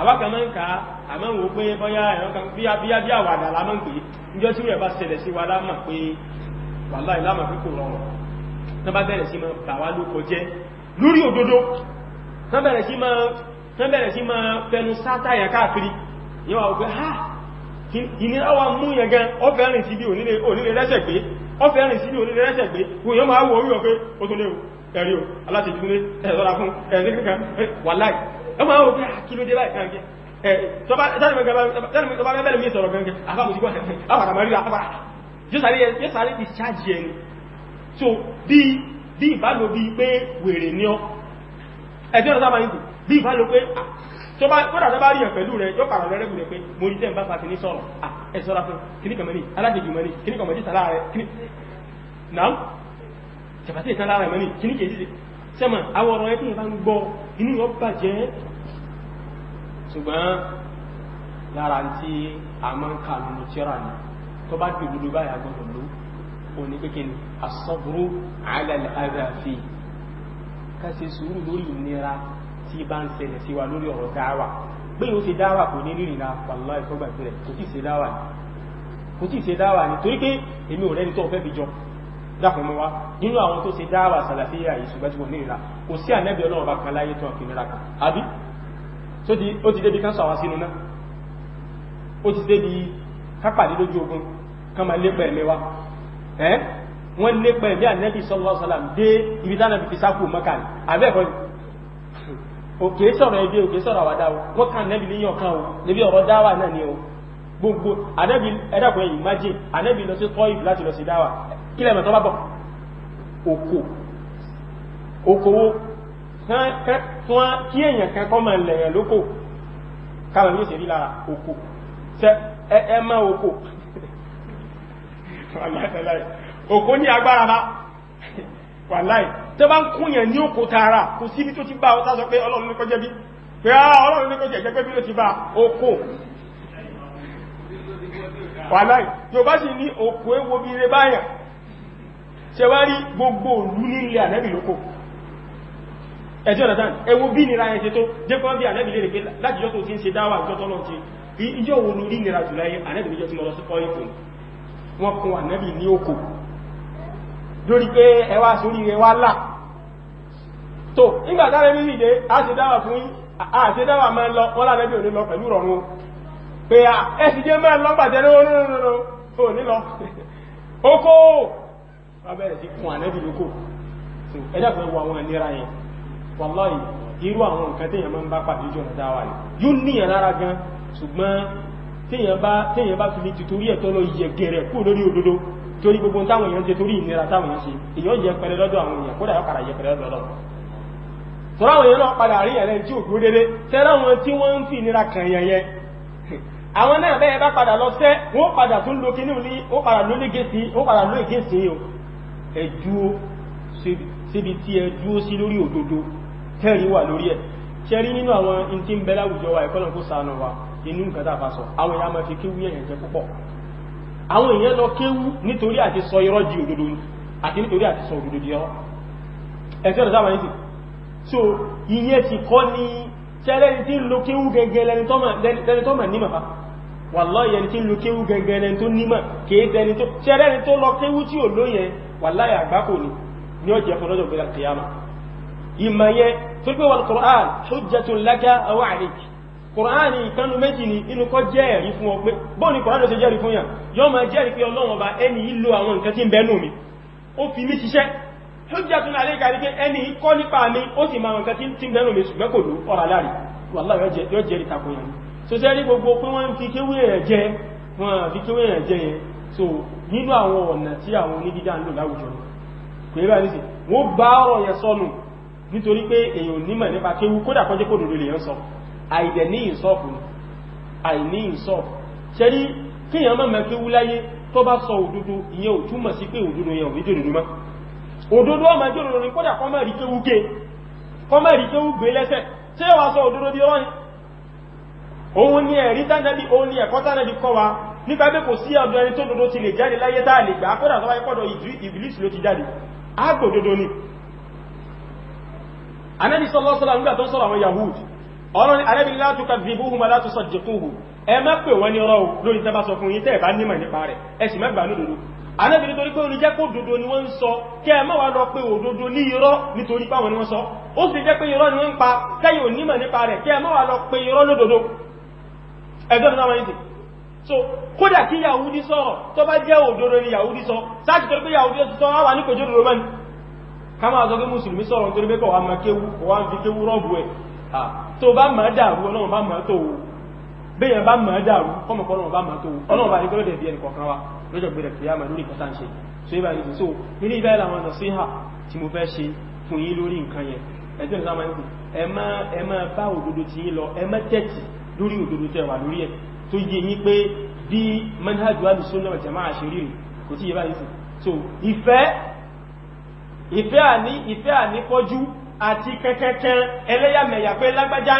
àwa ka máa ń kà á wò pé bọ́yá ẹ̀rọ kan bí abíyá àwàdà la ń pè níjọ́ tí wọ́n bá ṣẹlẹ̀ sí wa lámà pé wàhálà ìlàmà pé kò rọrùn tán bá bẹ̀rẹ̀ sí máa bà wá lóko jẹ́ lórí òdodo tán bẹ̀rẹ̀ sí máa fẹnu yẹn káàkiri yẹn wà ha ìnira wa mú o aláṣẹ ọmọ àwọn òbí ah, àkílódé báyìí kan gẹ́ tọ́bá mẹ́bẹ̀lẹ̀ mi sọ̀rọ̀ gẹ́gẹ́ afábòsíwọ́ àwàrà marí àpapàá yóò sáré discharge ẹni so bí ìbálò bí pé wèrè ní ọ ẹ̀tí ọ̀nà sábà nìkù bí ìbálò pé ah, kódà tọ́bá rí ẹ̀ pẹ̀lú rẹ̀ yóò pàrọ̀ rẹ̀ rẹ̀ pé mo rí tẹ́m̀bá fàtí ní sọ̀rọ̀ ah, ẹ̀ sọ́ra fún kíníkàn mẹ́rin alájèjì mẹ́rin kíníkàn mẹ́rin sàlá rẹ̀ kíníkàn sẹ́mà àwọn ọ̀rọ̀ ẹ̀tí ìbá ń gbọ́ inú yọ bàjẹ́ ṣùgbọ́n lára tí a máa ń kàlù ní tíra ní tó bá pè lulú báyà gbọ́dọ̀ ló o ní pé kíni asọ́bùrú àìlẹ̀lẹ̀ àìrẹ̀fì ká ṣe sùúrù lórí ìnira tí bá ń ṣẹlẹ̀ sí wa lórí ọ̀rọ̀ dáwà pé yóò ṣe dáwà kò ní rírìnà dákùnmọ́ wá nínú àwọn tó ṣe dáwà sàlàfíà ìṣùgbẹ́jùmọ̀ nìra kò sí ànẹ́bì ọlọ́ọ̀bá kan láyé tó ọkì nira kan àbí ó ti débi káńsọ̀ àwọn sínú náà ó ti débi kápàdé ogun kama lépa ẹ̀mí wa ẹ́ wọ́n lépa ẹ̀mí ànẹ́bì sallallahu alaihi wasallam dé ibi tánàbì fi sákù mọ́kà àbẹ́ẹ̀kọ́ òkè sọ̀rọ̀ ẹbí òkè sọ̀rọ̀ àwàdá o wọ́n kàn nẹ́bì níyàn kan o níbi ọ̀rọ̀ dáwà náà ni o gbogbo ànẹ́bì ẹ̀dàkùnrin imagine ànẹ́bì lọ sí tọ́ìf láti lọ sí dáwà kí lẹ́mọ̀ tó bá bọ̀ òkò òkòwò kí èyàn kan kọ́ máa lẹ̀yàn lókò káwọn ní ìṣèrí lára òkò ẹ mọ́ òkò òkò ní agbára bá wàláì tó bá ń kúnyàn ní òkò tààrà kò síbi tó ti bá ọ tásọ pé ọlọ́run ní kọjẹ́ bí pé ah, ọlọ́run ní kọjẹ́ pé bí ló ti bá òkò wàláì tó bá sì ní òkò ewo bí ire báyàn ṣe wá rí gbogbo òlú nílé ànẹ́bì lókò ẹjọ́ ọ̀dọ̀dán ẹwọ bí nira ẹ̀ ṣe tó jẹ́kọ́ bí ànẹ́bì lè rèké láti jọ́ tó ti ń ṣe dáwà ìjọ́tọ́ náà ti ìjọ́ wo ló rí nira jùlọ ayé ànẹ́bì lójọ́ tí mo lọ sí kọ́ ìpò wọn kun ànẹ́bì ní òkò lórí pé ẹwà sórí ẹwà là tó nígbà tára mi rìde a ṣe dáwà fún a ṣe dáwà máa lọ wọn lànẹ́bì ò ní lọ pẹ̀lú rọrùn wọ́n bẹ̀rẹ̀ sí kún ànẹ́bì lókò so ẹjọ́kùn ẹwọ àwọn ìnira yẹn wàláhì irú àwọn nǹkan téèyàn máa ń bá pàdé jọ dáwà rẹ̀ yóò níyàn lára gan ṣùgbọ́n téèyàn bá fi ní tìtorí ẹ̀tọ́ lọ yẹ gẹ̀rẹ̀ kú lórí òdodo torí gbogbo táwọn èèyàn jẹ torí ìnira táwọn èèyàn ṣe èèyàn yẹ pẹrẹ lọ́dọ̀ àwọn èèyàn kódà yọkàrà yẹ pẹrẹ lọ́dọ̀ sọ́rọ̀ àwọn èèyàn náà padà rí ẹ̀rẹ́ tí ò dúró dédé tẹ́lá àwọn tí wọ́n ń fi ìnira kàn yẹn yẹn àwọn náà bẹ́ẹ̀ bá padà lọ sẹ́ wọ́n padà tún lo kíní ní ó padà ló lé gẹ̀ẹ́sì ó ẹ̀dúó síbi tí ẹ̀dúó sí lórí òdodo tẹ́rí wà lórí ẹ̀ tẹ́rí nínú àwọn in tí ń bẹ láwùjọ wa ẹ̀kọ́nà kó sànà wa inú nǹkan tá a bá sọ àwọn èèyàn máa fi kéwú yẹ̀yẹ̀ jẹ púpọ̀ àwọn èèyàn lọ so ìyẹn ti kọ́ ni tẹ́lẹ́ni tí ń lo kéwú gẹ́gẹ́ lẹni tọ́mà nímọ̀ fa wàlọ́ ìyẹn tí ń lo kéwú gẹ́gẹ́ lẹni tó nímọ̀ kéé tẹ́lẹ́ni tó lọ kéwú tí ò lóyẹn wàláyé àgbákò ni ní ọjẹ́ fún lọ́jọ́ gbẹ̀rẹ̀ kìyàmà ìmọ̀ yẹn tó gbé wọn Qur'an hujjatun laka aw alayk Qur'an ìkanu méjì ni inú kọ́ jẹ́ ẹ̀rí fún ọ pé bọ́ọ̀ ni Qur'an ló ṣe jẹ́rìí fún yàn yọ́ máa jẹ́rìí pé Ọlọ́run ọba ẹni ìlò àwọn nǹkan tí ń bẹ́nu mi ó fi mí ṣiṣẹ́ hujjatun so nínú àwọn ọ̀nà tí àwọn onídídá ń lò láwùjọ kò yẹ bá ní sí wọ́n bá ọ̀rọ̀ yẹn sọnù nítorí pé èèyàn nímọ̀ nípa kéwú kódà kọjẹ́ kò dòdò lè yẹn sọ àìdẹ̀ ní ìsọ́ọ̀fù ni àìní ìsọ́ọ̀fù ṣe rí kíyàn mọ́ mẹ́ kéwú láyé tó bá sọ òdodo ìyẹn ò túmọ̀ sí pé òdodo yẹn òbí jòdòdó mọ́ òdodo ọmọ jòdòdó ni kódà kọ́ mẹ́rí kéwú gé kọ́ mẹ́rí kéwú gbé lẹ́sẹ̀ tí wàá sọ òdodo bí ọ̀rọ̀ ni òun ni ẹ̀rí tánàbí òun ni ẹ̀kọ́ tánàbí kọ́ wa nípa pé kò sí ọ̀dọ̀ ẹni tó dodo ti lè jáde láyé táà lè gbà kódà tó wáyé pọ̀dọ̀ ìbìlìsì ló ti jáde ágbò dodo ni anẹ́bí sọ́lọ́sọ́lá nígbà tó sọ́rọ̀ àwọn yahudi ọ̀rọ̀ anẹ́bí látú kadhibuhum wa la tusaddiquhu ẹ má pè wọ́n ní rọ́ lórí tẹ́bá sọ fún yín tẹ́ bá nímọ̀ nípa rẹ̀ ẹ sì mẹ́gbà ní dodo anẹ́bí nítorí pé orí jẹ́ kó so kódà kí yahudi sọ̀rọ̀ tó bá jẹ́ òdodo ni yahudi sọ sáàkì torí pé yahudi sọ wá wà ní kòjò òdodo mẹ́ni ká máa sọ pé mùsùlùmí sọ̀rọ̀ torí pé kọ̀wà máa kéwú kọ̀wà fi kéwú rọ́bù ẹ̀ tó bá máa dàrú ọlọ́run bá máa tó wù bẹ́yẹn bá máa dàrú kọ́mọ̀kọ́ ọlọ́run bá máa tó wù ọlọ́run bá ní kọ́lọ́dẹ̀ bí ẹnì kọ̀ọ̀kan wa lọ́jọ́ gbẹ̀rẹ̀ kìyàmà lórí kọta ń ṣe so ibà ní so ilé ibà ìlànà tó yé yín pé bí manhaj wa sunnah wal jama'ah ṣe rí kò tí yé bá yìí so ìfẹ́ ìfẹ́ àní ìfẹ́ àní pọ́jú àti kẹkẹkẹ ẹlẹ́yàmẹ̀yà pé lágbájá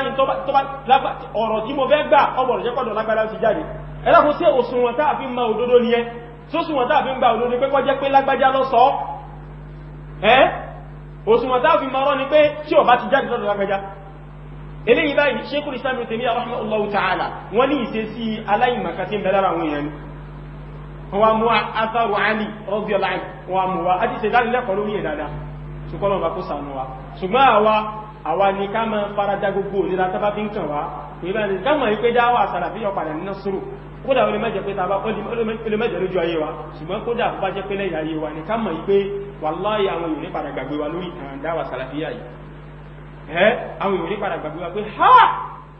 ọ̀rọ̀ tí mo fẹ́ gbà ọgbọ̀rọ̀ jẹ́ pọ̀dọ̀ lágbájá ti jáde ẹlẹ́kùn sí òṣùwọ̀n tá a fi ma òdodo nìyẹn sóṣùwọ̀n tá a fi ń gba òdodo ni pé kó jẹ́ pé lágbájá ló sọ ẹ́ òṣùwọ̀n tá a fi ma rọ́ ni pé tí ó bá ti jáde lọ́dọ̀ lágbájá eléyìí báyìí Sheikhul Islam Ibn Taymiyyah rahimahullahu ta'ala wọ́n ní ìṣesí aláìmọ̀kan tí ń bẹ lára àwọn èèyàn ni wọ́n mú atharu Ali radiyallahu anhu wọ́n mú wa àti ìṣẹ̀dánilẹ́kọ̀ọ́ lórí ìdàdà ṣùgbọ́n ọba kó sànú wa ṣùgbọ́n àwa àwa ni ká máa farada gbogbo òlera tábà fi ń kàn wá ìbá ní ká mọ̀ wípé dáwà sàràfíyàn padà nínú sùúrù kódà ó lè má jẹ́ pé tàbá olùmẹ́jẹ̀ lójú ayé wa ṣùgbọ́n kódà bá jẹ́ pé lẹ́yìn ayé wa ni ká mọ̀ wípé wàláyé àwọn yòó gbàgbé wa lórí ìtàn dáwà yìí ẹ́ àwọn èèyàn ní padà gbàgbé wa pé ha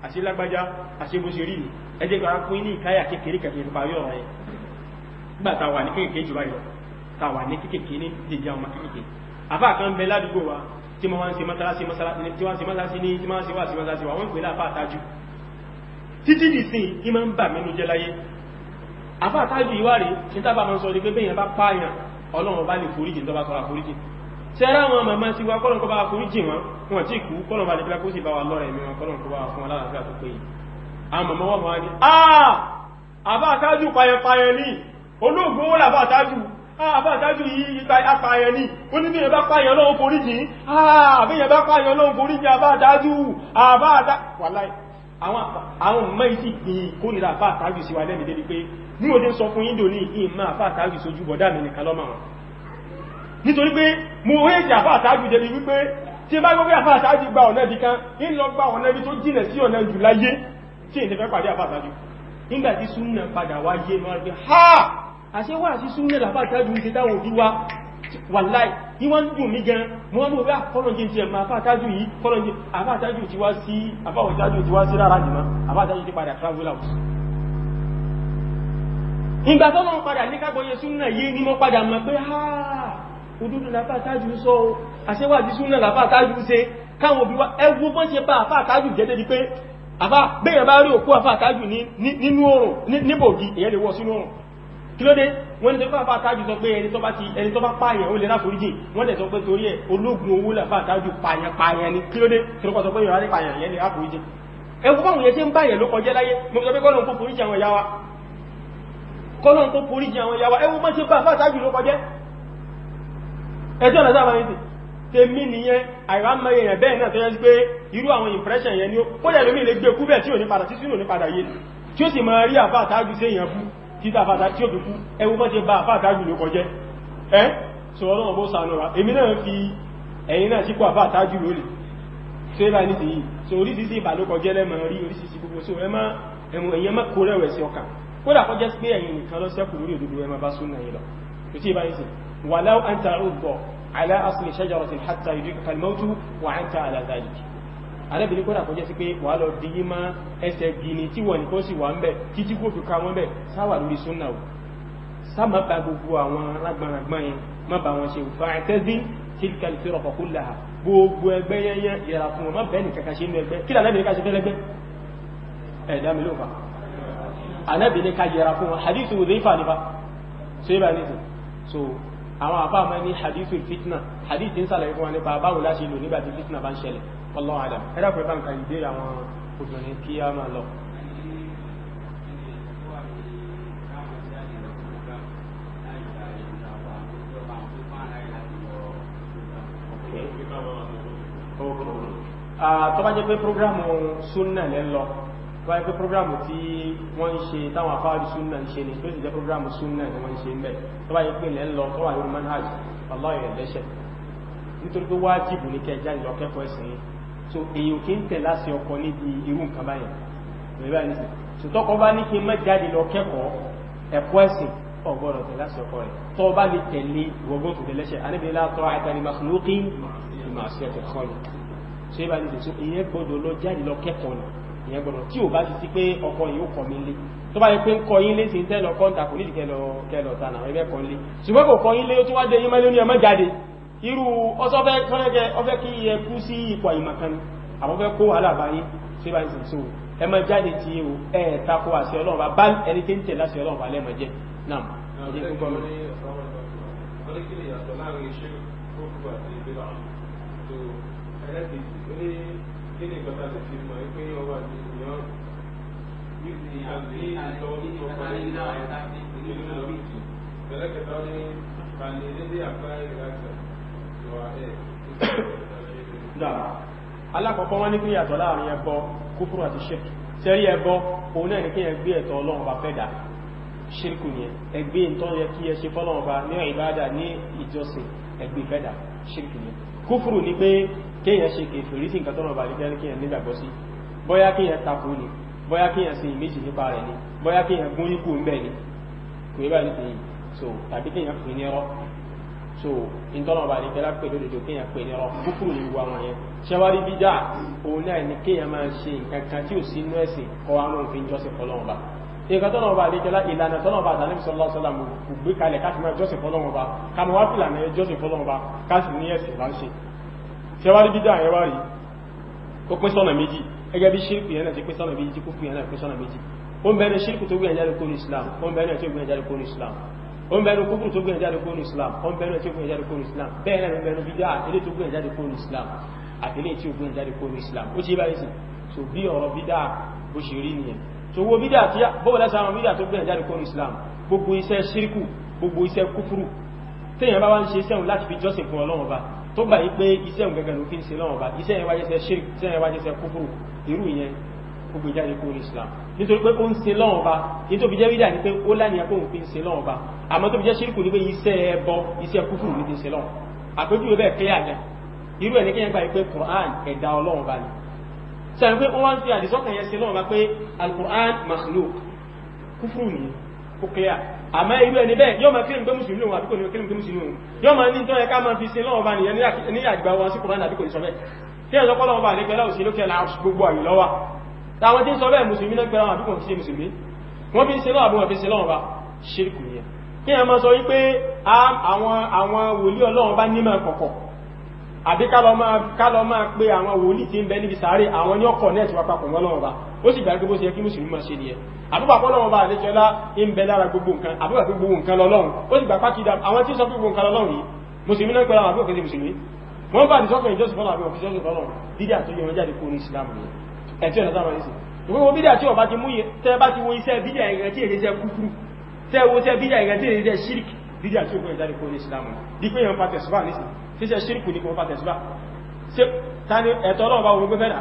àṣẹ lágbájá àṣẹ bó ṣe rí ni ẹjẹ́ gbára fún ní ìkáyà kékeré kẹfẹ́ ìfipá yọ̀ rẹ̀ nígbà tá wà ní kékeré jù báyọ̀ tá wà ní kékeré ní dèjì àwọn kékeré àfáà kan bẹ ládùúgbò wa tí wọ́n ṣe mọ́sálásí tí wọ́n ṣe mọ́sálásí ní tí wọ́n ṣe wà sí mọ́sálásí wà wọ́n pè láàfà àtájú títí dì sí ìmọ̀ ń bà mínú jẹ́ láyé sẹ́rẹ́ àwọn màmá ti wá kọ́lọ̀kọ́ bá fún jì wọn wọn tí kú kọ́lọ̀ bá lẹ́gbẹ́ kó sì bá wà lọ́rẹ̀ mi wọn kọ́lọ̀kọ́ bá fún aláàfíà tó péye àwọn màmá wọ́n wọ́n ní àà ah! àbá àtájù payẹpayẹ ah, ní olóògbé owó làbá àtájù àbá àtájù yìí apayẹ ní oníbìyàn bá payẹ lọ́wọ́ forí jì àbíyàn ah, bá payẹ lọ́wọ́ forí jì àbá àtájù àbá àtájù àwọn màmá yìí sì gbìn kórìíra àbá àtájù sí wa lẹ́mìí débi pé ní òde sọ nítorí pé mo rẹ́jì àfáà sáájú jẹ́ wípé tí bá gbogbo àfáà sáájú gba ọ̀nà ibi kan ń lọ gba ọ̀nà ibi tó jìnà sí ọ̀nà jù láyé tí èdè fẹ́ pàdé àfáà sáájú nígbà tí súnnà padà wáyé máa gbé ha àṣẹ wà sí súnnà àfáà sáájú ń ṣe táwọn òbí wa wàláì ní wọ́n dùn mí gan mo wọ́n mú bá ah, kọ́lọ̀jẹ́ ti ẹ̀mà àfáàtájú yìí kọ́lọ̀jẹ́ àfáàtájú ti wá sí àfáàtájú ti wá sí rárá nìmá àfáàtájú ti padà travel out ìgbà tọ́lọ́ padà ní kágbọ́yẹ súnnà yìí ni mo padà mọ̀ pé háà òdúdú lápá àtájù sọ o àṣẹ́wàjú súnà lápá àtájù ṣe káwọn òbí wa ẹgbó bọ́n ṣe bá àfá àtájù jẹ́ dédi pé àfá bẹ́yàn bá rí òkú àfá àtájù nínú oòrùn níbògì èyẹ́ lè wọ́ sínú oòrùn kí ló dé wọ́n ní tẹ́kọ́ àfá àtájù sọ pé ẹni tó bá ti ẹni tó bá pààyàn ó lè ráforíjì wọ́n lẹ̀ sọ pé torí ẹ̀ ológun owó làfá àtájù pààyàn pààyàn ni kí ló dé kí ló kọ́ sọ pé ìrọ̀lẹ́ pààyàn yẹn lè ráforíjì ẹwọ́ báwọn yẹn ṣe ń báyẹ̀ ló kọjẹ́ láyé mo sọ pé kọ́lọ̀ ń kó foríjì àwọn ìyá wa kọ́lọ̀ ń kó foríjì àwọn ìyá wa ẹwọ́ bá ṣe bá àfá àtájù ló kọjẹ́ ẹjọ́ ọ̀nà sábà yìí tèmi nìyẹn àìrámẹ́yẹ yẹn bẹ́ẹ̀ náà tẹ́yẹ́ sí pé irú àwọn impression yẹn ni ó kódẹ̀ lómi lè gbé kúbẹ̀ tí ò ní padà tí sínú ní padà yé tí ó sì máa rí àfà sí èèyàn fún títà àfà tí ó fi kú ẹwú mọ́ ti ba àfà àtàjù ló kọjẹ́ ẹ́ sọ ọlọ́run bó sànú ra èmi náà fi ẹ̀yìn náà síkò àfà àtàjù lólè tó ẹ bá ní sí yìí so oríṣiríṣi ìbàlókọjẹ́ so ẹ má ẹ̀wọ̀n èèyàn má kó rẹ̀wẹ̀sì ọkàn kódà kọjẹ́ sí pé ẹ̀yìn nìkan lọ́sẹ̀kù lórí òdodo ولو أن تعض على أصل شجرة حتى يجيك الموت وعنت على ذلك arábìnrin kọ́nà kọjẹ́ sí pé wà lọ dí yíma ẹsẹ̀ gini tí wọ́n nìkan sì wà ń bẹ̀ títí kó fi ká wọ́n bẹ̀ sáwà lórí súnnà ò sáàmà bá gbogbo àwọn alágbàragbà yẹn má bá wọn ṣe fàtẹ́dí tìlkàlìfẹ́rọ̀kọ̀kúlà gbogbo ẹgbẹ́ yẹnyẹ yẹra fún wọn má bẹ́ẹ̀ nìkan àwọn àbá máa ní hadithul fitna hadith ń sàlàyé fún wa nípa báwo láti lò nígbà tí fitna bá ń ṣẹlẹ̀ wallahu alam ẹ̀rọ pẹ̀lú báńkà ìbéèrè àwọn obìnrin kí a máa lọ. Ah, tó bá jẹ́ pé prógrámù sunna lẹ́ wáyé pé prógrámù tí wọ́n ń ṣe táwọn afáàrí súnà ń ṣe ní tó sì jẹ́ prógrámù súnà ni wọ́n ń ṣe ń bẹ̀ tó bá yẹ pé ilẹ̀ lọ tó wà lórí manhaj aláwọ̀ lẹ́ṣẹ̀ nítorí pé wájìbù ní kẹjá ìlọ kẹ́kọ̀ọ́ ẹ̀sìn so èyàn kí ń tẹ̀ láti ọkọ níbi irú nǹkan báyẹn bẹ̀rẹ̀ so tọ́kọ bá ní kí n má jáde lọ kẹ́kọ̀ọ́ ẹ̀kọ́ ẹ̀sìn ọgbọ́dọ̀ tẹ̀ láti ọkọ rẹ̀ tọ́ bá lè tẹ̀lé ìwọ̀gbọ́n tó tẹ̀lẹ́ṣẹ̀ anábìlá tọ́ so ìbá ní sí so ìyẹn gbọ́dọ̀ lọ ìyẹn gbọ́dọ̀ tí ò bá ti sí pé ọkọ yìí ó kọ̀ mí lé tó bá yẹ pé ń kọ yín lé sí ń tẹ́lọ kọ́ńtà kò nídìí kẹlọ kẹlọ ta náà ẹgbẹ́ kan lé ṣùgbọ́n kò kọ yín lé ó tún wá dé yín mẹ́lẹ́ ní ẹmọ́ jáde irú ọsọfẹ́ kọ́lẹ́kẹ́ ọfẹ́ kí ẹ kú sí ipò ìmọ̀kan àbọ̀fẹ́ kó wàhálà bá yín bá ń sìn ẹmọ jáde tí ẹ tako àṣẹ ọlọ́run bá ẹni kí ìgbà tá a ti fi mọ̀ pé ọwọ́ àti ìyàn ní àbí ìtọ́wọ́ tó parí nínú lọ́wọ́tì ẹlẹ́kẹta ó ní kàní lédè àpáyé ìlàjà ìwà ẹ̀ alákọ̀ọ́kọ́ wọ́n ní pé yàtọ̀ láàrin ẹbọ kúfùrù àti ṣẹ́kì tẹ́rí ẹbọ òun náà ní kí ẹgbẹ́ ẹ̀tọ́ ọlọ́run bá fẹ́ dà ṣírkù yẹn ẹgbẹ́ ìtọ́ yẹ kí ẹ ṣe fọ́lọ́run bá ní ìbádà ní ìjọsìn ẹgbẹ́ fẹ́ dà ṣírkù yẹn kúfùrù ní pé kéèyàn ṣe kèfèrí sí nǹkan tọ́nà bá nígbà kéèyàn nígbàgbọ́ sí bóyá kéèyàn takò ní bóyá kéèyàn ṣe ìméjì nípa rẹ̀ ni bóyá kéèyàn gún nípò ń bẹ̀ ni kò yẹ báyìí nìyí so tàbí kéèyàn pè ní ẹrọ so ìtọ́nà bá nígbà pè lódodo kéèyàn pè ní ẹrọ kúkúrú ní gbogbo àwọn yẹn ṣẹwárí bídà òun náà ni kéèyàn máa ṣe nǹkan kan tí ò sí inú ẹ̀sìn kọ́ àwọn òfin jọ́sìn fọlọ́run bá nǹkan tọ́nà ọba àdéjọlá ìlànà tọ́nà ọba àdánẹ́bí sọ́lọ́ sọ́lá mú gbé kalẹ̀ káàkiri máa jọ́sìn fọlọ́run bá ká mọ́ wá fìlànà jọ́sìn fọlọ́run bá káàkiri ní ẹ̀sìn bá ṣẹwárí bídá àyẹwárí ó pín sọ́nà méjì ẹgẹ́ bí ṣírkù yẹn náà ti pín sọ́nà méjì tí kú fún yẹn náà pín sọ́nà méjì ó ń bẹ̀rẹ̀ ṣírkù tó gbìyànjáde Islam ó ń bẹ̀rẹ̀ tó gbìyànjáde Islam ó ń bẹ̀rẹ̀ kúkúrù tó Islam ó ń bẹ̀rẹ̀ tó gbìyànjáde Islam bẹ́ẹ̀ náà ń bẹ̀rẹ̀ bídá ilé tó gbìyànjáde Islam àti ilé tí ó gbìyànjáde Islam ó ti so bí ọ̀rọ̀ bídá bó so wo bídá tí bọ́wọ́ lẹ́sà àwọn bídá tó gbìyànjáde kó ní Islam gbogbo iṣẹ́ ṣírkù gbogbo iṣẹ́ kúkúrù téèyàn bá wá ń ṣe sẹ́hùn láti fi jọ́sìn fún Ọlọ́run bá tó gbà yí pé iṣẹ́ òun gẹ́gẹ́ ló fi ń ṣe lọ́wọ́ bá iṣẹ́ yẹn wáyé ṣe ṣe iṣẹ́ yẹn wáyé ṣe kúfúrú irú yẹn ó gbé jáde kúrò Islam nítorí pé ó ń ṣe lọ́wọ́ bá nítorí jẹ́ rídà ni pé ó lánìyàn pé òun fi ń ṣe lọ́wọ́ bá àmọ́ tó fi jẹ́ ṣírkù ni pé iṣẹ́ ẹbọ iṣẹ́ kúfúrú ní fi ń ṣe lọ́wọ́ àpéjúwe bẹ́ẹ̀ clear gan irú ẹ̀ ní kéèyàn gbà yí pé Quran ẹ̀dá Ọlọ́run bá ni sẹ́yìn pé ó wá ń fi àdìsọ́kàn yẹn ṣe lọ́wọ́ bá pé Al-Quran makhluk kúfúrú nìyẹn ó clear àmọ́ irú ẹni bẹ́ẹ̀ yóò máa kílùm pé mùsùlùmí lòun àbíkò ní kílùm pé mùsùlùmí lòun yóò máa ní tọ́yẹ ká máa fi sin lọ́wọ́ bá nìyẹn ní àgbà wọn sí kùránì àbíkò ìsọ́bẹ̀ tí ẹ̀sọ́ pọ́lọ́wọ́ bá nípẹ́ láwùsí lókè gbogbo àyè lọ́wà táwọn tí ń sọ bẹ́ẹ̀ mùsùlùmí náà pẹ́ra àbíkò sí mùsùlùmí wọ́n fi ń sin lọ́wọ́ àbúwọ̀n fi sin lọ́wọ́ bá ṣírkù yẹn kí ẹ máa sọ wípé àwọn wòlíì Ọlọ́run bá nímọ̀ kọ̀kọ̀ àbí ká lọ pé àwọn wòlíì tí ń bẹ níbi sàárè àwọn ní ọkọ̀ nẹ́ẹ̀tì wà papọ̀ bá ó sì gbàgbé bó ṣe yẹ kí mùsùlùmí máa ṣe nìyẹn àbúgbà pọ́lọ́wọ́ bá àlejò ọlá ń bẹ lára gbogbo nǹkan àbúgbà pé gbogbo nǹkan lọ́lọ́run ó sì gbà pákìdá àwọn tí sọ pé gbogbo nǹkan lọ́lọ́run yìí mùsùlùmí náà pẹ̀lú àwọn àbúgbà kẹsì mùsùlùmí wọ́n bá ti sọ́kàn ìjọsìn fọ́lọ́ àbí ọ̀fíṣọ́sìn fọ́lọ́run dídí àtúnyẹ wọn jáde kúrò ní ìsìlámù yẹn ẹ̀tí ọ̀nà sáwọn ìsìn gbogbo bídà tí ọba ti mú tẹ bá ti wo iṣẹ́ bídà ìrìn tí èdè iṣẹ́ kúkúrú tẹ wo iṣẹ́ bídà ìrìn tí èdè iṣẹ́ ṣírìkì bídà tí ó kọ́ ìjáde kúrò ní ìsìlámù di pé yẹn pa tẹ̀sùbá nísìn tí iṣẹ́ ṣírìkì ní kò pa tẹ̀sùbá ṣe ta ni ẹ̀tọ́ ọlọ́ọ̀bá wo gbé fẹ́ dà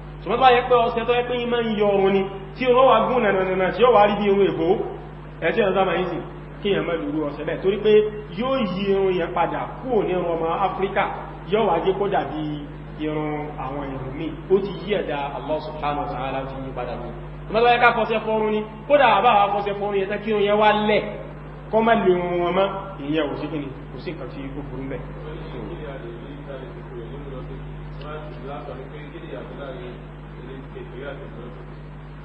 ṣùgbọ́n tó yẹ pé ọ̀sẹ̀ tó yẹ pé ìmọ̀ yíyọ ọrùn ni tí ó wà gún nànàna tí ó wà rí bí ewé èbó ẹ̀tí ọ̀dá máa ń sì kí èèyàn mọ́ lúrú ọ̀sẹ̀ bẹ́ẹ̀ torí pé yóò yí irun yẹn padà kúrò ní irun ọmọ Áfíríkà yóò wá gé kó dàbí irun àwọn irun míì ó Allah subhanahu wa ta'ala ti yí padà ní ọmọdé wáyé ká fọṣẹ fọrún ni kódà àbáwá fọṣẹ fọrún yẹn tẹ́kí irun yẹn wá lẹ̀ kọ́ má lè rún wọn mọ́ ìyẹn òsìkìní òsìkàn tí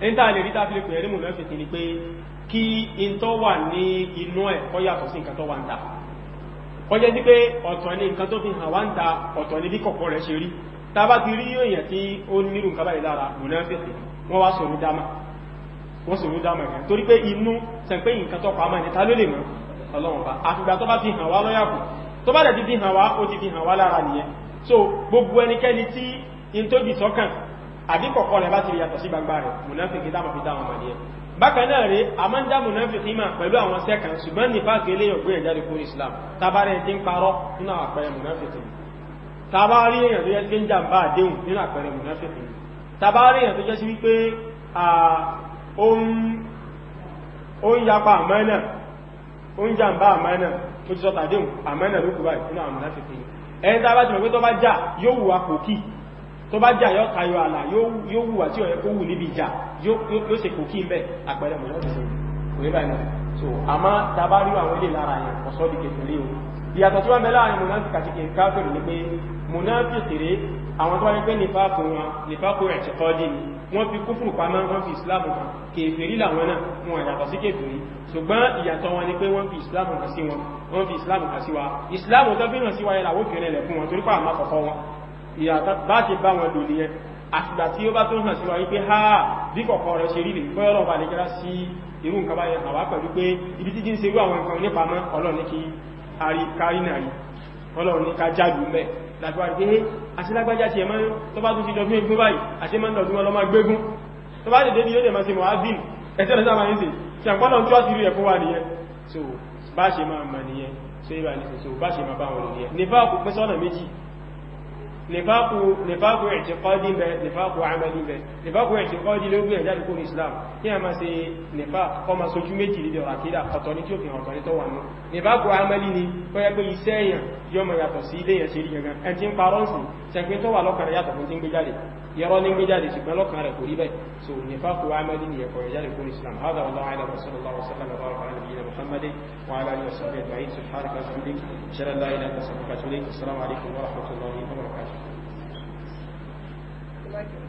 ẹni tá a lè rí tá fi lè pè ẹ̀rí mùnáfíkí ni pé kí in tó wà ní inú ẹ̀ kó yàtọ̀ sí nǹkan tó wà ń ta kó jẹ́ sí pé ọ̀tọ̀ ni nǹkan tó fi hàn wá ń ta ọ̀tọ̀ ni bí kọ̀kọ́ rẹ̀ ṣe rí tá ti rí èèyàn tí ó nírú nǹkan báyìí lára mùnáfíkí wọ́n wá sọ̀rọ̀ dáma wọ́n sọ̀rọ̀ dáma ẹ̀ torí pé inú sẹ pé nǹkan ní so gbogbo ẹnikẹ́ni tí in tó jì sọ́kàn àbí kọ̀kọ́ rẹ̀ bá ti yàtọ̀ sí gbangba rẹ̀ mùnáfíkì dámà fi dáwọn màdíẹ̀ bákan náà rí a máa ń dá mùnáfíkì mà pẹ̀lú àwọn sẹ́kàn ṣùgbọ́n ní fáàkì eléyàn gbé ẹ̀jáde fún Islam tabarẹ̀ tí ń parọ́ nínú àpẹẹrẹ mùnáfíkì tabarí èèyàn tó jẹ́ sí ń jàǹbá àdéhùn nínú àpẹẹrẹ mùnáfíkì tabarí èèyàn tó jẹ́ sí wípé ó ń yapa àmánà ó ń jàǹbá àmánà tó ti sọ tàdéhùn àmánà ló kú báyìí nínú àwọn mùnáfíkì ẹni tá a bá ti mọ̀ pé tó bá jà yóò wùwà pòkì tó bá jà yóò tayọ àlà yóò wùwà tí ọ̀yẹ́ kó wù níbi ìjà yóò ṣe pòkì ń bẹ̀ àpẹẹrẹ mọ̀ lọ́dún òye so àmọ́ tá a bá rí àwọn ilé lára yẹn ọ̀sọ́ di munafiki rẹ̀ àwọn tó wáyé pé nífàkù wọn nífàkù ẹ̀tìkọ́dì ni wọ́n fi kúfùrù pamọ́ wọ́n fi islamu hàn kèfèrí làwọn náà wọn yàtọ̀ sí kèfèrí ṣùgbọ́n ìyàtọ̀ wọn ni pé wọ́n fi islamu hàn sí wọn wọ́n fi islamu hàn sí wa islamu tó fi hàn sí wa yẹ làwọn fi rẹ̀lẹ̀ fún wọn torípa àmà kọ̀kọ́ wọn ìyàtọ̀ bá ti bá wọn lò nìyẹn àtìgbà tí ó bá tó hàn sí wa wípé ha bí kọ̀kọ́ rẹ̀ ṣe rí lè bọ́yọ̀ lọ́wọ́ àlejẹ́ra sí irú nǹkan báyẹn àwá pẹ̀lú pé ibi títí ń ṣe irú àwọn nǹkan nípa mọ́ ọlọ́ọ̀ní kí a rí kárí náà rí ọlọ́run ní ká jáàlù mẹ́ lágbàrí pé àti lágbàjá ti ẹ̀mọ́ tó bá tún ti dọ̀gbìn egún báyìí àti mọ́ ìdọ̀gbìn ọlọ́mọ gbégún tó bá dẹ̀dẹ̀ yóò dẹ̀ máa ṣe mọ̀ ábìn ẹ̀tẹ́ lọ́sà máa ń ṣe tí àpọ́lọ̀ tí ó ti rí ẹ̀kọ́ wà nìyẹn so bá ṣe máa mọ̀ nìyẹn so ibà nìyẹn so bá ṣe máa nìfàkù ẹ̀tìkọ́dí bẹ nìfàkù àmàlì bẹ nìfàkù ẹ̀tìkọ́dí ló gbé ẹ̀jáde kúrò Islam kí a máa ṣe nìfàkù kọ́ máa sojú méjì lílẹ̀ àkídà ọ̀tọ̀ ní tí ó fi hàn tọ́lítọ́ wà ní nìfàkù àmàlì ni ó yẹ pé iṣẹ́ èèyàn yọ yàtọ̀ sí ilé èèyàn يرى نيجي جادي شكرا لك على قريبا سو نفاق وعمل يقول رجال يكون الإسلام هذا والله أعلم وصلى الله وسلم وبارك على نبينا محمد وعلى آله وصحبه أجمعين سبحانك وبحمدك أشهد أن لا إله إلا أنت أستغفرك وأتوب إليك السلام عليكم ورحمة الله وبركاته